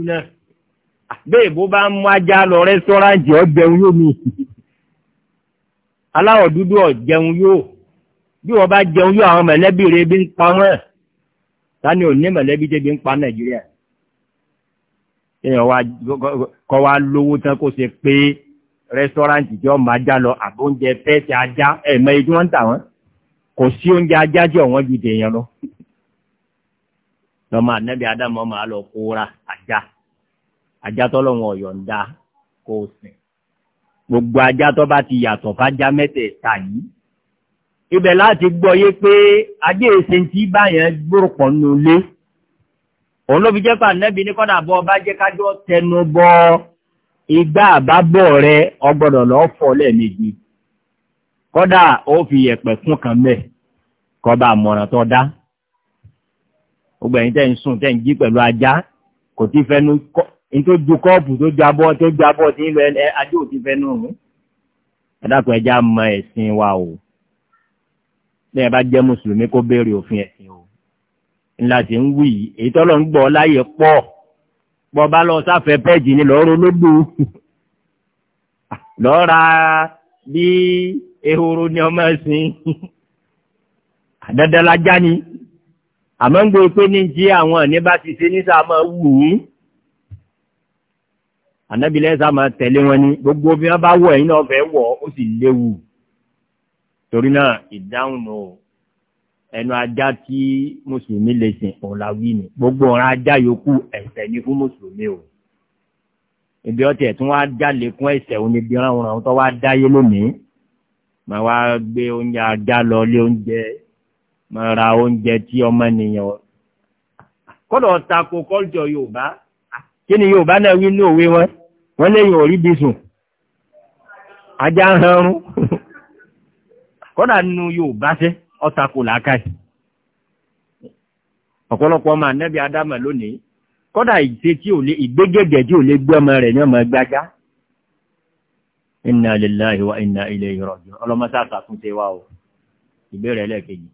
lọ bẹ́ẹ̀ bó bá mú ajá lọ rẹ́sọ́ráǹtì ọ̀jẹun yóò mi aláwọ̀ dúdú ọ̀jẹun yóò bí wọ́n bá jẹun yóò àwọn mẹ̀lẹ́bí rẹ̀ bí ń pa wọ́n tani ò mẹ̀lẹ́bí tẹ́bi ń pa nàìjíríà èèyàn wa kọ́ wa lówó tán kó ṣe pé rẹ́sọ́ráǹtì tí wọ́n máa já lọ àbóúnjẹ fẹ́ẹ̀sì ajá ẹ̀mẹ́ ibi wọ́n tà wọ́n kò sí oúnjẹ ajá tí ọ̀wọ́n ju tèèyàn lọ lọ́mọ ànábì ádámọ́ máa lọ kóra ajá ajá tọ́lọ́wọ́n ọ̀yọ̀ǹda kò sìn gbogbo ajá tó bá ti yàtọ̀ fájá mẹ́tẹ̀ẹ̀ta yìí ibẹ̀ láti gbọ́yé pé ajé èsè tí báyẹn gbórùpọ̀ nù lé òun ló fi jẹ́ pà nẹ́bi ní kọ́dà bọ́ ọba jẹ́ kájọ́ tẹnu bọ igbá àbábọ̀ rẹ ọgbọ́dọ̀ lọ fọ lẹ́ẹ̀mejì kọ́dà ó fi yẹ̀pẹ̀ kún kan mẹ́ kọba àmọ̀ràn tó dá gbogbo ẹ̀yin ń sùn tẹ́ ń jí pẹ̀lú ajá kò tí fẹ́nu nítorí ju kọ́ọ̀pù tó jabọ́ tó jabọ́ sí ilẹ̀ ẹ adé òtí fẹ́ nù rún ẹ̀dàkùn ẹja mọ ẹ̀sìn wa o bẹ́ẹ̀ bá jẹ́ mùsùlùmí kó béèrè òfin ẹ̀sìn o ńlá sì ń wí èyí tọ́lọ́ ń gbọ́ láyè pọ̀ pọ̀ bá lọ sáfẹ́ pẹ́ẹ̀jì ni lọ́ọ́ ronódù lọ́ọ́ ra bí ehoro ni ọmọ ẹ̀sìn dandan lajá ni àmọ́ ń gbé pé ní jí àwọn ẹ̀ní bá ti ṣe ní sáà wù ú ànábì lẹ́sà máa tẹ̀lé wọn ní gbogbo bí wọ́n bá wọ̀ ẹ̀yin náà fẹ́ wọ̀ ó sì léwu torí náà ìdáhùn nù ẹnu ajá tí mùsùlùmí lè sìn òun la wí ni gbogbo ọ̀ràn ajá yòókù ẹ̀ṣẹ̀ ni fún mùsùlùmí o ibi ọ̀tẹ̀ tí wọ́n á já lékún ẹ̀ṣẹ̀ òun ibi ọ̀ràn òun tó wá dáyé lónìí máa wá gbé oúnjẹ ajá lọ lé oúnjẹ máa ra oúnjẹ tí ọmọ nìyẹn kọ́dọ̀ ta ko kọ́lùjọ Yorùbá kí ni Yorùbá náà wí ní òwe wọn. wọ́n lẹ́yìn orí bí sùn ajá hanrun kọ́dà nínú Yorùbá sẹ́ ọ́tàkù làákàì ọ̀pọ̀lọpọ̀ ọmọ anẹ́bí Adama lónìí kọ́dà ìgbégẹ̀gẹ̀ tí ò lè gbé ọmọ rẹ̀ ní ọmọ gbájá inna wa inna wa o ìbéèrè ẹlẹ́ẹ̀kejì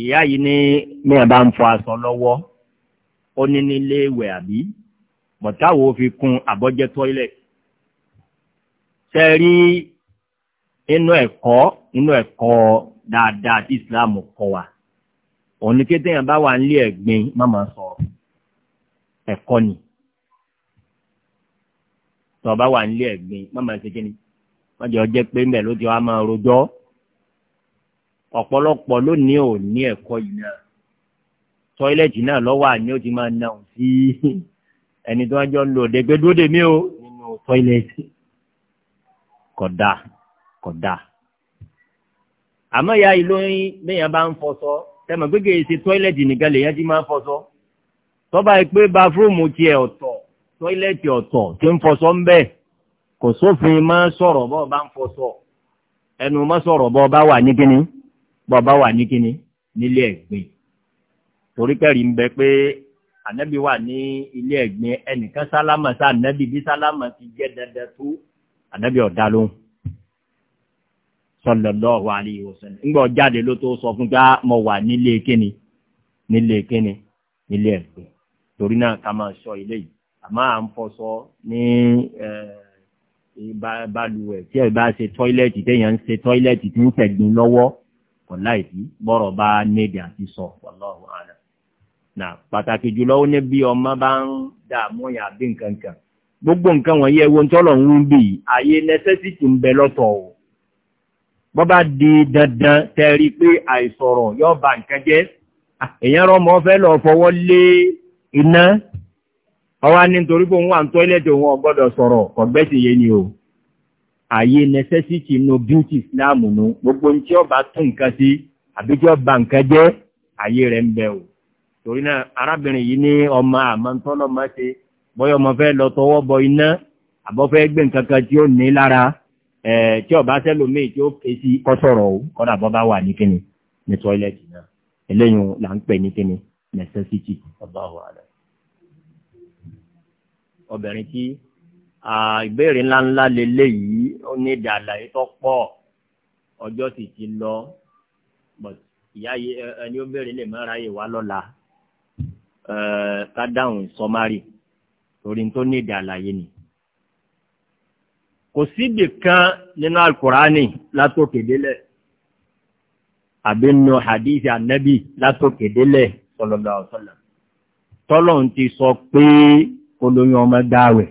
ìyá yìí ní mẹ́ẹ̀ ń fọ aṣọ ó ní nílé ìwẹ̀ àbí bọ̀táwo fi kún àbọ́jẹ́ toilet ṣe rí inú ẹ̀kọ́ inú ẹ̀kọ́ dáadáa tí Islam kọ wa òun ni kété yẹn bá wà nílé ẹ̀gbin má sọ ẹ̀kọ́ ni tó bá wà nílé ẹ̀gbin má máa ṣe kí ni wọ́n jẹ́ ọjẹ́ pé ńbẹ̀ ló ti wá máa rojọ́ ọ̀pọ̀lọpọ̀ lónìí ò ní ẹ̀kọ́ yìí náà tọ́ílẹ̀tì náà lọ́wọ́ àní ó ti máa nà ó sí ẹni tó wájọ́ ń lò dẹ́gbẹ́ dúró dè mí o nínú tọ́ílẹ̀tì kódà kódà. àmọ́ ìyá ìlóyún bẹ́yàn bá ń fọṣọ tẹmọ̀ gbégbé ṣe tọ́ílẹ̀tì nìkan lèyàn ti máa fọṣọ tọ́ba yìí pé báfúrúmù tiẹ̀ ọ̀tọ̀ tọ́ílẹ̀tì ọ̀tọ̀ tí ń fọṣọ ń bẹ̀ kò sófin máa sọ̀rọ̀ bọ́ọ̀ bá ń fọṣọ ẹnu máa sọ̀rọ̀ bọ́ọ̀ bá wà ní kíní bọ́ọ̀ bá wà ní kíní nílé ẹ̀gbìn torí kẹ́rì ń bẹ pé ànábì wà ní ilé ẹ̀gbin ẹnìkan sálámà sá ànábì bí sálámà ti jẹ́ dandan tó ànábì ọ̀dá lóhùn sallallahu alaihi wasallam ńgbọ́ jáde ló tó sọ fún ká ah, mo wà nílé kíni nílé kíni nílé ẹ̀gbin torí náà ká máa sọ ilé yìí àmọ́ à ń fọṣọ ní eh, eh, balùwẹ̀ tí ẹ bá ṣe tọ́ílẹ̀tì téèyàn ń ṣe tọ́ílẹ̀tì tí ń fẹ̀gbin lọ́wọ́ kò bọ́rọ̀ bá nídìí àti sọ wallahu a'lam. na pàtàkì jùlọ ó ní bí ọmọ bá ń dààmú yà bí nǹkan kan gbogbo nǹkan wọ̀nyí ẹwọ́n tọ́lọ̀ ń bí ayé necessity ń bẹ lọ́tọ̀ o bọ́ bá di dandan tẹ́rí pé àìsọ̀rọ̀ yóò ba nǹkan jẹ́ èèyàn rọmọ fẹ́ lọ fọwọ́ lé iná ni nítorí pé òun wà ń ni o ayé no islam gbogbo tí tún nǹkan sí àbí tí o torí náà arábìnrin yìí ní ọmọ àmọ́ntọ́lọ́ máa ṣe bọ́yọ̀ ọmọ fẹ́ lọ tọwọ́ bọ iná àbọ̀ fẹ́ gbé nǹkan kan tí ó ní lára ẹ̀ tí ọba sẹ́lòmíì tí ó ké sí kọ́sọ̀rọ̀ o kọ́dà bọ́ bá wà ní kíni ní tọ́ílẹ̀tì náà eléyìí là ń pè ní kíni necessity ọba wà rẹ̀. obìnrin tí ìbéèrè ńláńlá lélẹ́yìí ó ní ìdí àlàyé tó pọ̀ ọjọ́ sì ti lọ ìyá ẹni ó béèrè lè má ráyè wá lọ́la ká dáhùn sọmárì torí tó ní èdè àlàyé ni. kò síbì kan nínú alukurani látòkè délẹ̀ àbí nínú hadith anabi látòkè délẹ̀ sallallahu alaihi wasallam tọ́lọ́run ti sọ pé olóyún ọmọ gbáwẹ̀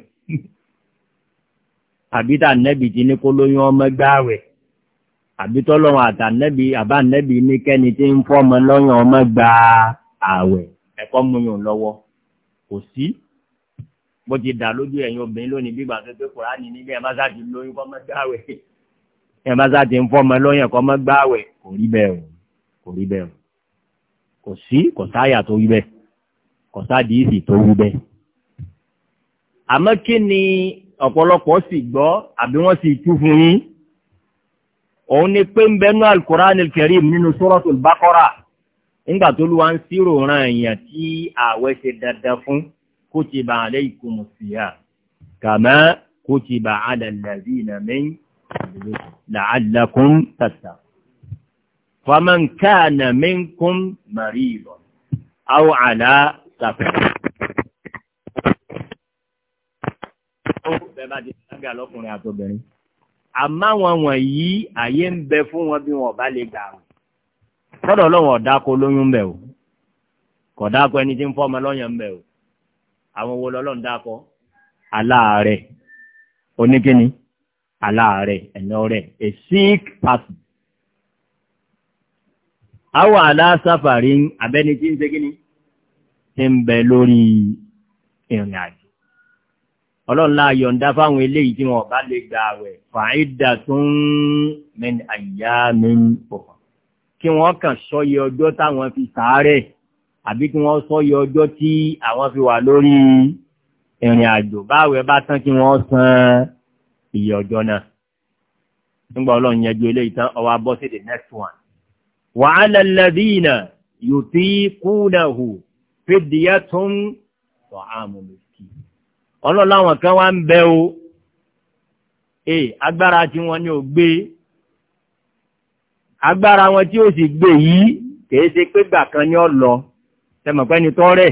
àbí tá nẹ́bì ti ní kó lóyún ọmọ gbáwẹ̀ àbí tọ́lọ́run àtànẹ́bì àbá nẹ́bì ní kẹ́ni tí ń fọ́mọ lọ́yún ọmọ gba àwẹ̀ ẹ̀kọ́ mú yàn lọ́wọ́ kò sí bó ti dà lójú ẹ̀yin obìnrin lónìí bí gbàgbé pé kùránì nílé ẹ̀ mọ́sá ti lóyún kọ́ mọ́ gbáwẹ̀ ẹ̀ mọ́sá ti ń fọ́mọ lóyún kọ́ mọ́ kò rí bẹ́ẹ̀ o kò rí bẹ́ẹ̀ o kò sí kò sáyà tó wí bẹ́ẹ̀ kò sádìísì tó wí bẹ́ẹ̀. àmọ́ kí ni ọ̀pọ̀lọpọ̀ sì gbọ́ àbí wọ́n sì tú fún yín òun ni pé ń bẹnu al-Qur'an al nínú Suratul Baqarah nígbà tó lúwa ń sírò ran èèyàn tí ààwẹ̀ ṣe dandan fún kutiba alaykumu siyam kama kutiba ala alladhina min la'allakum tattaqun faman kana minkum maridan aw ala safar bẹ́ẹ̀ bá ti sábẹ́ àlọ́kùnrin àtobìnrin àmọ́ wọn wọ̀nyí àyè ń bẹ fún wọn bí wọn bá lè gbà kọ́dọ̀ ọlọ́run ọ̀dà kó lóyún ń bẹ̀ o kọ̀dà kó ẹni tí ń fọ́mọ lọ́yàn ń bẹ̀ o àwọn owó lọ́lọ́run dákọ́ aláàárẹ̀ oníkíní aláàárẹ̀ ẹ̀nà rẹ̀ a sick person. àwọn aláṣàfàrí abẹ́ni tí ń ṣe kíní ti ń bẹ lórí ìrìn àjò ọlọ́run la yọ̀ǹda fáwọn eléyìí tí wọn ò bá lè gbà wẹ̀ fàáìdà tó ń mẹ́ni àyà mi ń pọ̀ kí wọ́n kàn sọyẹ ọjọ́ táwọn fi sàárẹ̀ àbí kí wọ́n sọyẹ ọjọ́ tí àwọn fi wà lórí ìrìn àjò báwẹ̀ bá tán kí wọ́n san iye ọjọ́ náà nígbà ọlọ́run yẹn ju eléyìí tán ọwọ́ abọ́ sí the next one. wa ala alladhina yutiqunahu fidyatun ta'amu miskin. ọlọ́run àwọn kan wá ń bẹ o. ee agbára tí wọ́n ní ò gbé agbára wọn tí ó sì gbé yìí kìí ṣe pé gbà kan ni ọ lọ tẹmọ̀ pé ni tọ́rẹ̀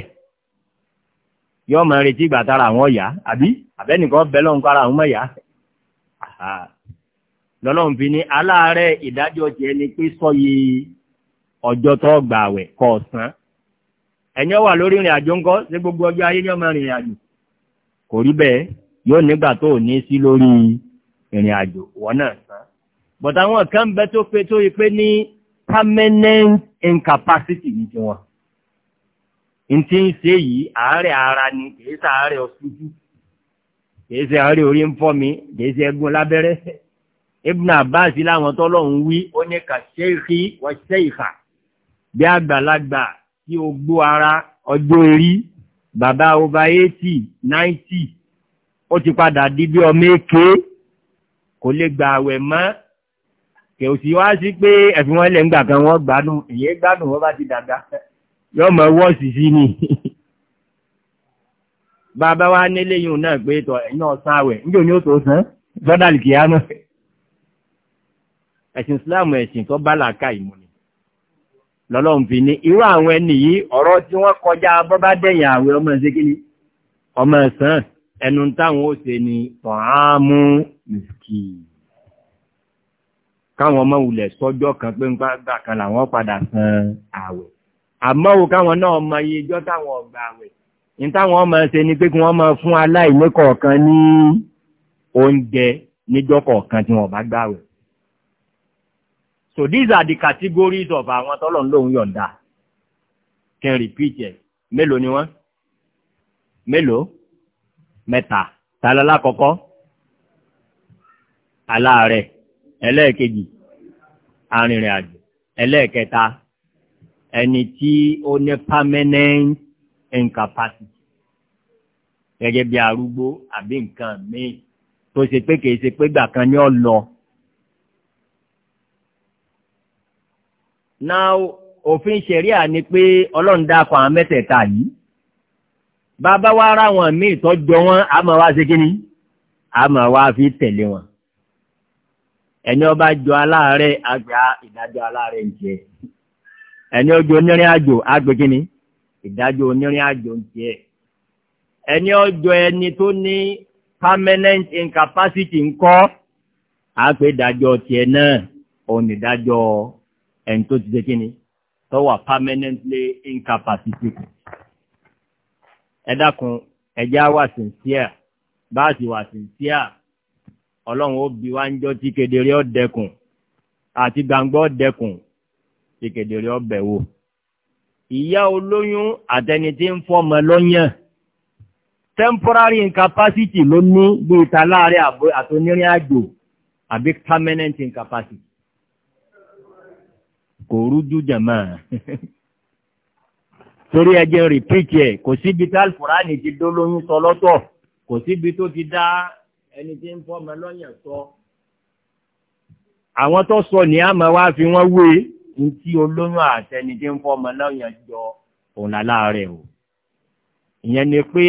yóò máa retí ìgbà tára àwọn ọ̀yà àbí àbẹ́nìkan bẹ́ lọ́hùn kára àwọn mọ̀yà lọ́lọ́run fi ní aláàárẹ̀ ìdájọ́ tiẹ̀ ni pé sọ́yì ọjọ́ tó gbààwẹ̀ kọ̀ọ̀sán ẹ̀yàn wà lórí ìrìn àjò ńkọ́ sí gbogbo ọjọ́ ayé ní ọmọ ìrìn àjò kò rí bẹ́ẹ̀ yóò nígbà tó ní sí lórí ìrìn àjò wọ́n náà san but àwọn kan bẹ tó pé tó yí pé ní permanent incapacity ní tiwọn n ti ń ṣe yìí àárẹ̀ ara ni kìí ṣe àárẹ̀ ọ̀ṣújú kìí ṣe àárẹ̀ orí ń fọ́ mi kìí ṣe ẹ̀gún lábẹ́rẹ́ Ibn Abbas láwọn tọ́lọ́hún wí ó ní kà ṣéèkì wọ́n ṣéèkà bí àgbàlagbà tí ó gbó ara ọjọ́ erí bàbá over eighty ninety ó ti padà di bí ọmọ èké kò lè gbà àwẹ̀ mọ́ kẹ̀ òsì wá sí pé ẹ̀fí wọn lẹ̀ ń gbà kan wọ́n gbádùn èyí gbádùn wọ́n bá ti dàgbà yóò mọ̀ wọ́ọ̀sì sí ni bàbá wa nílé yìí náà pé tọ̀ ẹ̀yìn ọ̀sán àwẹ̀ níjò ní ó tó sán sọ́dàlì kìí áná ẹ̀sìn Islam ẹ̀sìn tó bá làákà ìmú ni lọ́lọ́run fi ní irú àwọn ẹni yìí ọ̀rọ̀ tí wọ́n kọjá bọ́bá dẹ̀yìn àwẹ̀ ọmọ ẹ̀sìn kí ọmọ ẹ̀sán ẹnu táwọn ó ṣe ni tọ̀hámú mìsíkì káwọn ọmọ wulẹ̀ sọ́jọ́ kan pé ń bá gbà kan làwọn padà san àwẹ̀ àmọ́ o káwọn náà mọ iye ijọ́ táwọn ọgbà àwẹ̀ ní táwọn ọmọ ṣe ni pé kí wọ́n máa fún aláìní kọ̀ọ̀kan ní oúnjẹ níjọ́ kọ̀ọ̀kan tí wọ́n bá gbàwẹ̀ so these are the categories of àwọn tọ́lọ̀ ń lòun yọ̀ǹda can repeat it: mélòó ni wọ́n mélòó mẹ́ta tàlálà kọ́kọ́ aláàrẹ̀ ẹlẹ́ẹ̀kejì arìnrìn àjò ẹlẹ́ẹ̀kẹta ẹni tí ó ní permanent incapacity gẹ́gẹ́ bí arúgbó àbí nǹkan míì tó ṣe pé kìí ṣe pé gbà ní ọ lọ. now òfin ṣẹ̀ríà ni pé ọlọ́run dákọ̀ àwọn mẹ́tẹ̀ẹ̀ta yìí bàbá wa ara wọn míì tọ́jọ́ wọn àmọ́ wa ṣe kí ni àmọ́ wa fi tẹ̀lé wọn. ẹni ọba jọ aláàárẹ̀ àgbà ìdájọ́ aláàárẹ̀ ń ẹni ọjọ́ onírin àjò àgbẹ̀kíní ìdájọ́ onírin àjò ń ẹni ẹni tó ní permanent incapacity ńkọ́ àpèdájọ́ tiẹ̀ náà òun ìdájọ́ ẹni tó ti jẹ́ kíní tó wà permanently incapacity ẹ dákun ẹjẹ́ wà sincere bá a ti ọlọ́run ó bi wá ń jọ tí kedere ó dẹkùn àti gbàngbọ́ dẹkùn tí kedere ó bẹ̀ wò. ìyá olóyún àtẹni tí ń fọmọ lọ́yàn temporary incapacity ló ní bí ìta láàrin àtònírín àjò àbí permanent incapacity kò rújú jàmá torí ẹjẹ rìpíìtì ẹ kò síbi tá alukóraní ti dó lóyún sọlọ́tọ̀ kò síbi tó ti dá ẹni tí ń fọmọ lọ́yàn sọ. àwọn tó sọ ní àmọ́ wá fi wọ́n wé ní tí olóyún àtẹni tí ń fọmọ lọ́yàn jọ òun láàárẹ̀ o. ìyẹn ni pé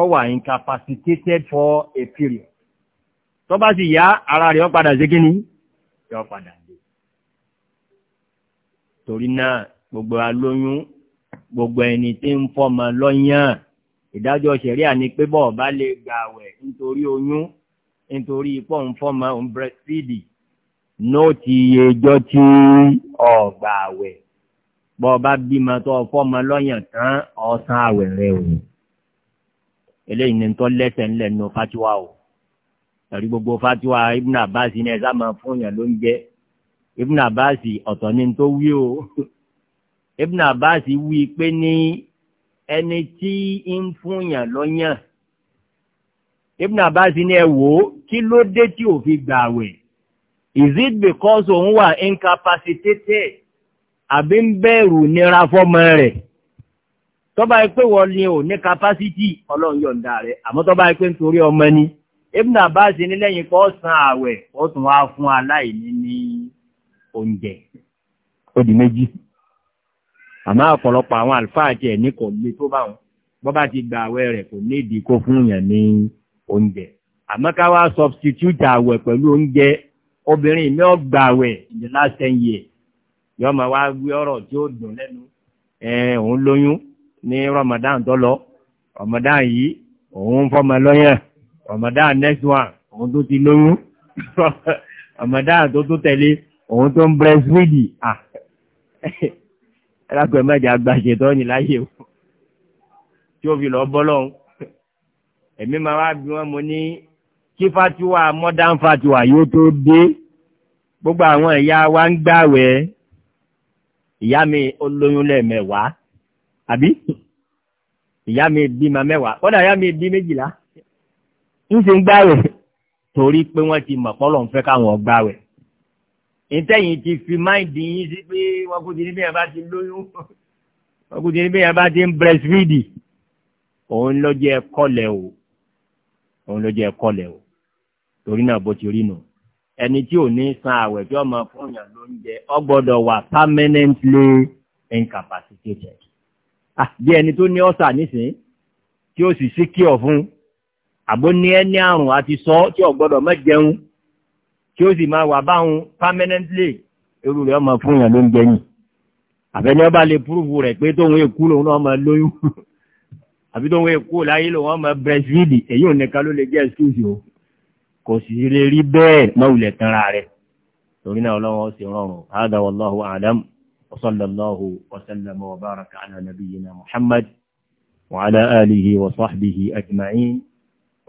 ó wà incapacitated for a period. tó bá sì yá ara rẹ̀ ó padà sí kí ni yóò padà dé. torí náà gbogbo alóyún gbogbo ẹni tí ń fọmọ lọ́yàn ìdájọ́ ṣẹ̀ríà ni pé bọ́ọ̀ bá lè gbààwẹ̀ nítorí oyún nítorí ipò ń fọ́mọ ń brẹ́sídì nóòtì iye ọjọ́ tí ọ̀ gbààwẹ̀ bọ́ọ̀ bá bímọ tó fọ́mọ lọ́yàn tán ọ̀sán àwẹ̀ rẹ̀ o eléyìí ni tó lẹ́sẹ̀ ńlẹ̀ nù fatiwa o ẹ̀rí gbogbo fatiwa Ibn Abbas ní ẹ̀ máa fún yàn ló ń jẹ́ Ibn Abbas ọ̀tọ̀ ni tó wí o Ibn Abbas wí pé ní ẹni tí ń fúnyàn lọ́yàn Ibn Abbas ní ẹ wò kí ló dé tí ò fi gbààwẹ̀ is it because òun wà incapacitated àbí ń bẹ̀rù nira fọ́mọ rẹ̀ tọ́ba yìí pé wọ́n ní ò ní capacity ọlọ́run yọ̀ǹda rẹ̀ àmọ́ tọ́ba yìí pé nítorí ọmọ ni Ibn Abbas ní lẹ́yìn kọ́ san àwẹ̀ ó tún wá fún aláìní ní oúnjẹ ó di méjì àmọ́ ọ̀pọ̀lọpọ̀ àwọn àlùfáà jẹ́ ní kò lè tó bá wọn bọ́ bá ti gba àwẹ̀ rẹ̀ kò ní ìdí kó fún yàn ní oúnjẹ àmọ́ ká wá substitute àwẹ̀ pẹ̀lú oúnjẹ obìnrin mi ò gba àwẹ̀ in the last ten years yọ ma wá wí ọ̀rọ̀ tí ó dùn lẹ́nu ẹ òun lóyún ní Ramadan tó lọ Ramadan yìí òun fọmọ lọ́yàn Ramadan next one òun tó ti lóyún Ramadan tó tó tẹ̀lé òun tó ń breastfeed ah ẹlákùn ẹ̀mẹ́jà gba ṣètọ́ ní láyé o tí ó fi lọ bọ́ lọ́hùn èmi máa wá bí wọ́n mo ní kí fatiwa modern fatiwa yóò tó dé gbogbo àwọn ìyá wa ń gbàwẹ̀ ìyá mi olóyún lẹ́ẹ̀mẹ́wàá àbí ìyá mi bímọ mẹ́wàá kọ́dà ìyá mi bí méjìlá ń ṣe ń gbàwẹ̀ torí pé wọ́n ti mọ̀ pọ́lọ̀ ń fẹ́ káwọn gbàwẹ̀ ìtẹ̀yìn ti fi máìdì yín sí pé wọ́n kú ti ní bẹ́ẹ̀ bá ti lóyún wọ́n kú ti ní bẹ́ẹ̀ bá ti ń breastfeed òun ló jẹ́ kọ́lẹ̀ o òun ló jẹ́ kọ́lẹ̀ o torí náà bó ti rí nù ẹni tí ò ní san àwẹ̀ tí ọmọ fúnyàn lóúnjẹ ó gbọ́dọ̀ wà permanently incapacitated bí ẹni tó ní ọ̀sà nísìnyí tí ó sì sí kí ọ̀ fún àbó ní àrùn àti sọ tí ò gbọ́dọ̀ jẹun tí ó sì máa wà báwọn permanently irú rẹ̀ ọmọ fún yàn ló ń jẹyìn àfẹ́ni ọba lè púrúfù rẹ̀ pé tóun èkú lòun náà máa lóyún àbí tóun èkú láyé lòun ọmọ breastfeed èyí ò nìkan ló lè jẹ́ excuse o kò sì lè rí bẹ́ẹ̀ mọ́wulẹ̀ tanra rẹ̀ torí náà ọlọ́wọ́ sì rọrùn hádà wàláhù àdám wasallallahu wasallam wa baraka ala nabiyyina muhammad wa alihi wa sahbihi ajma'in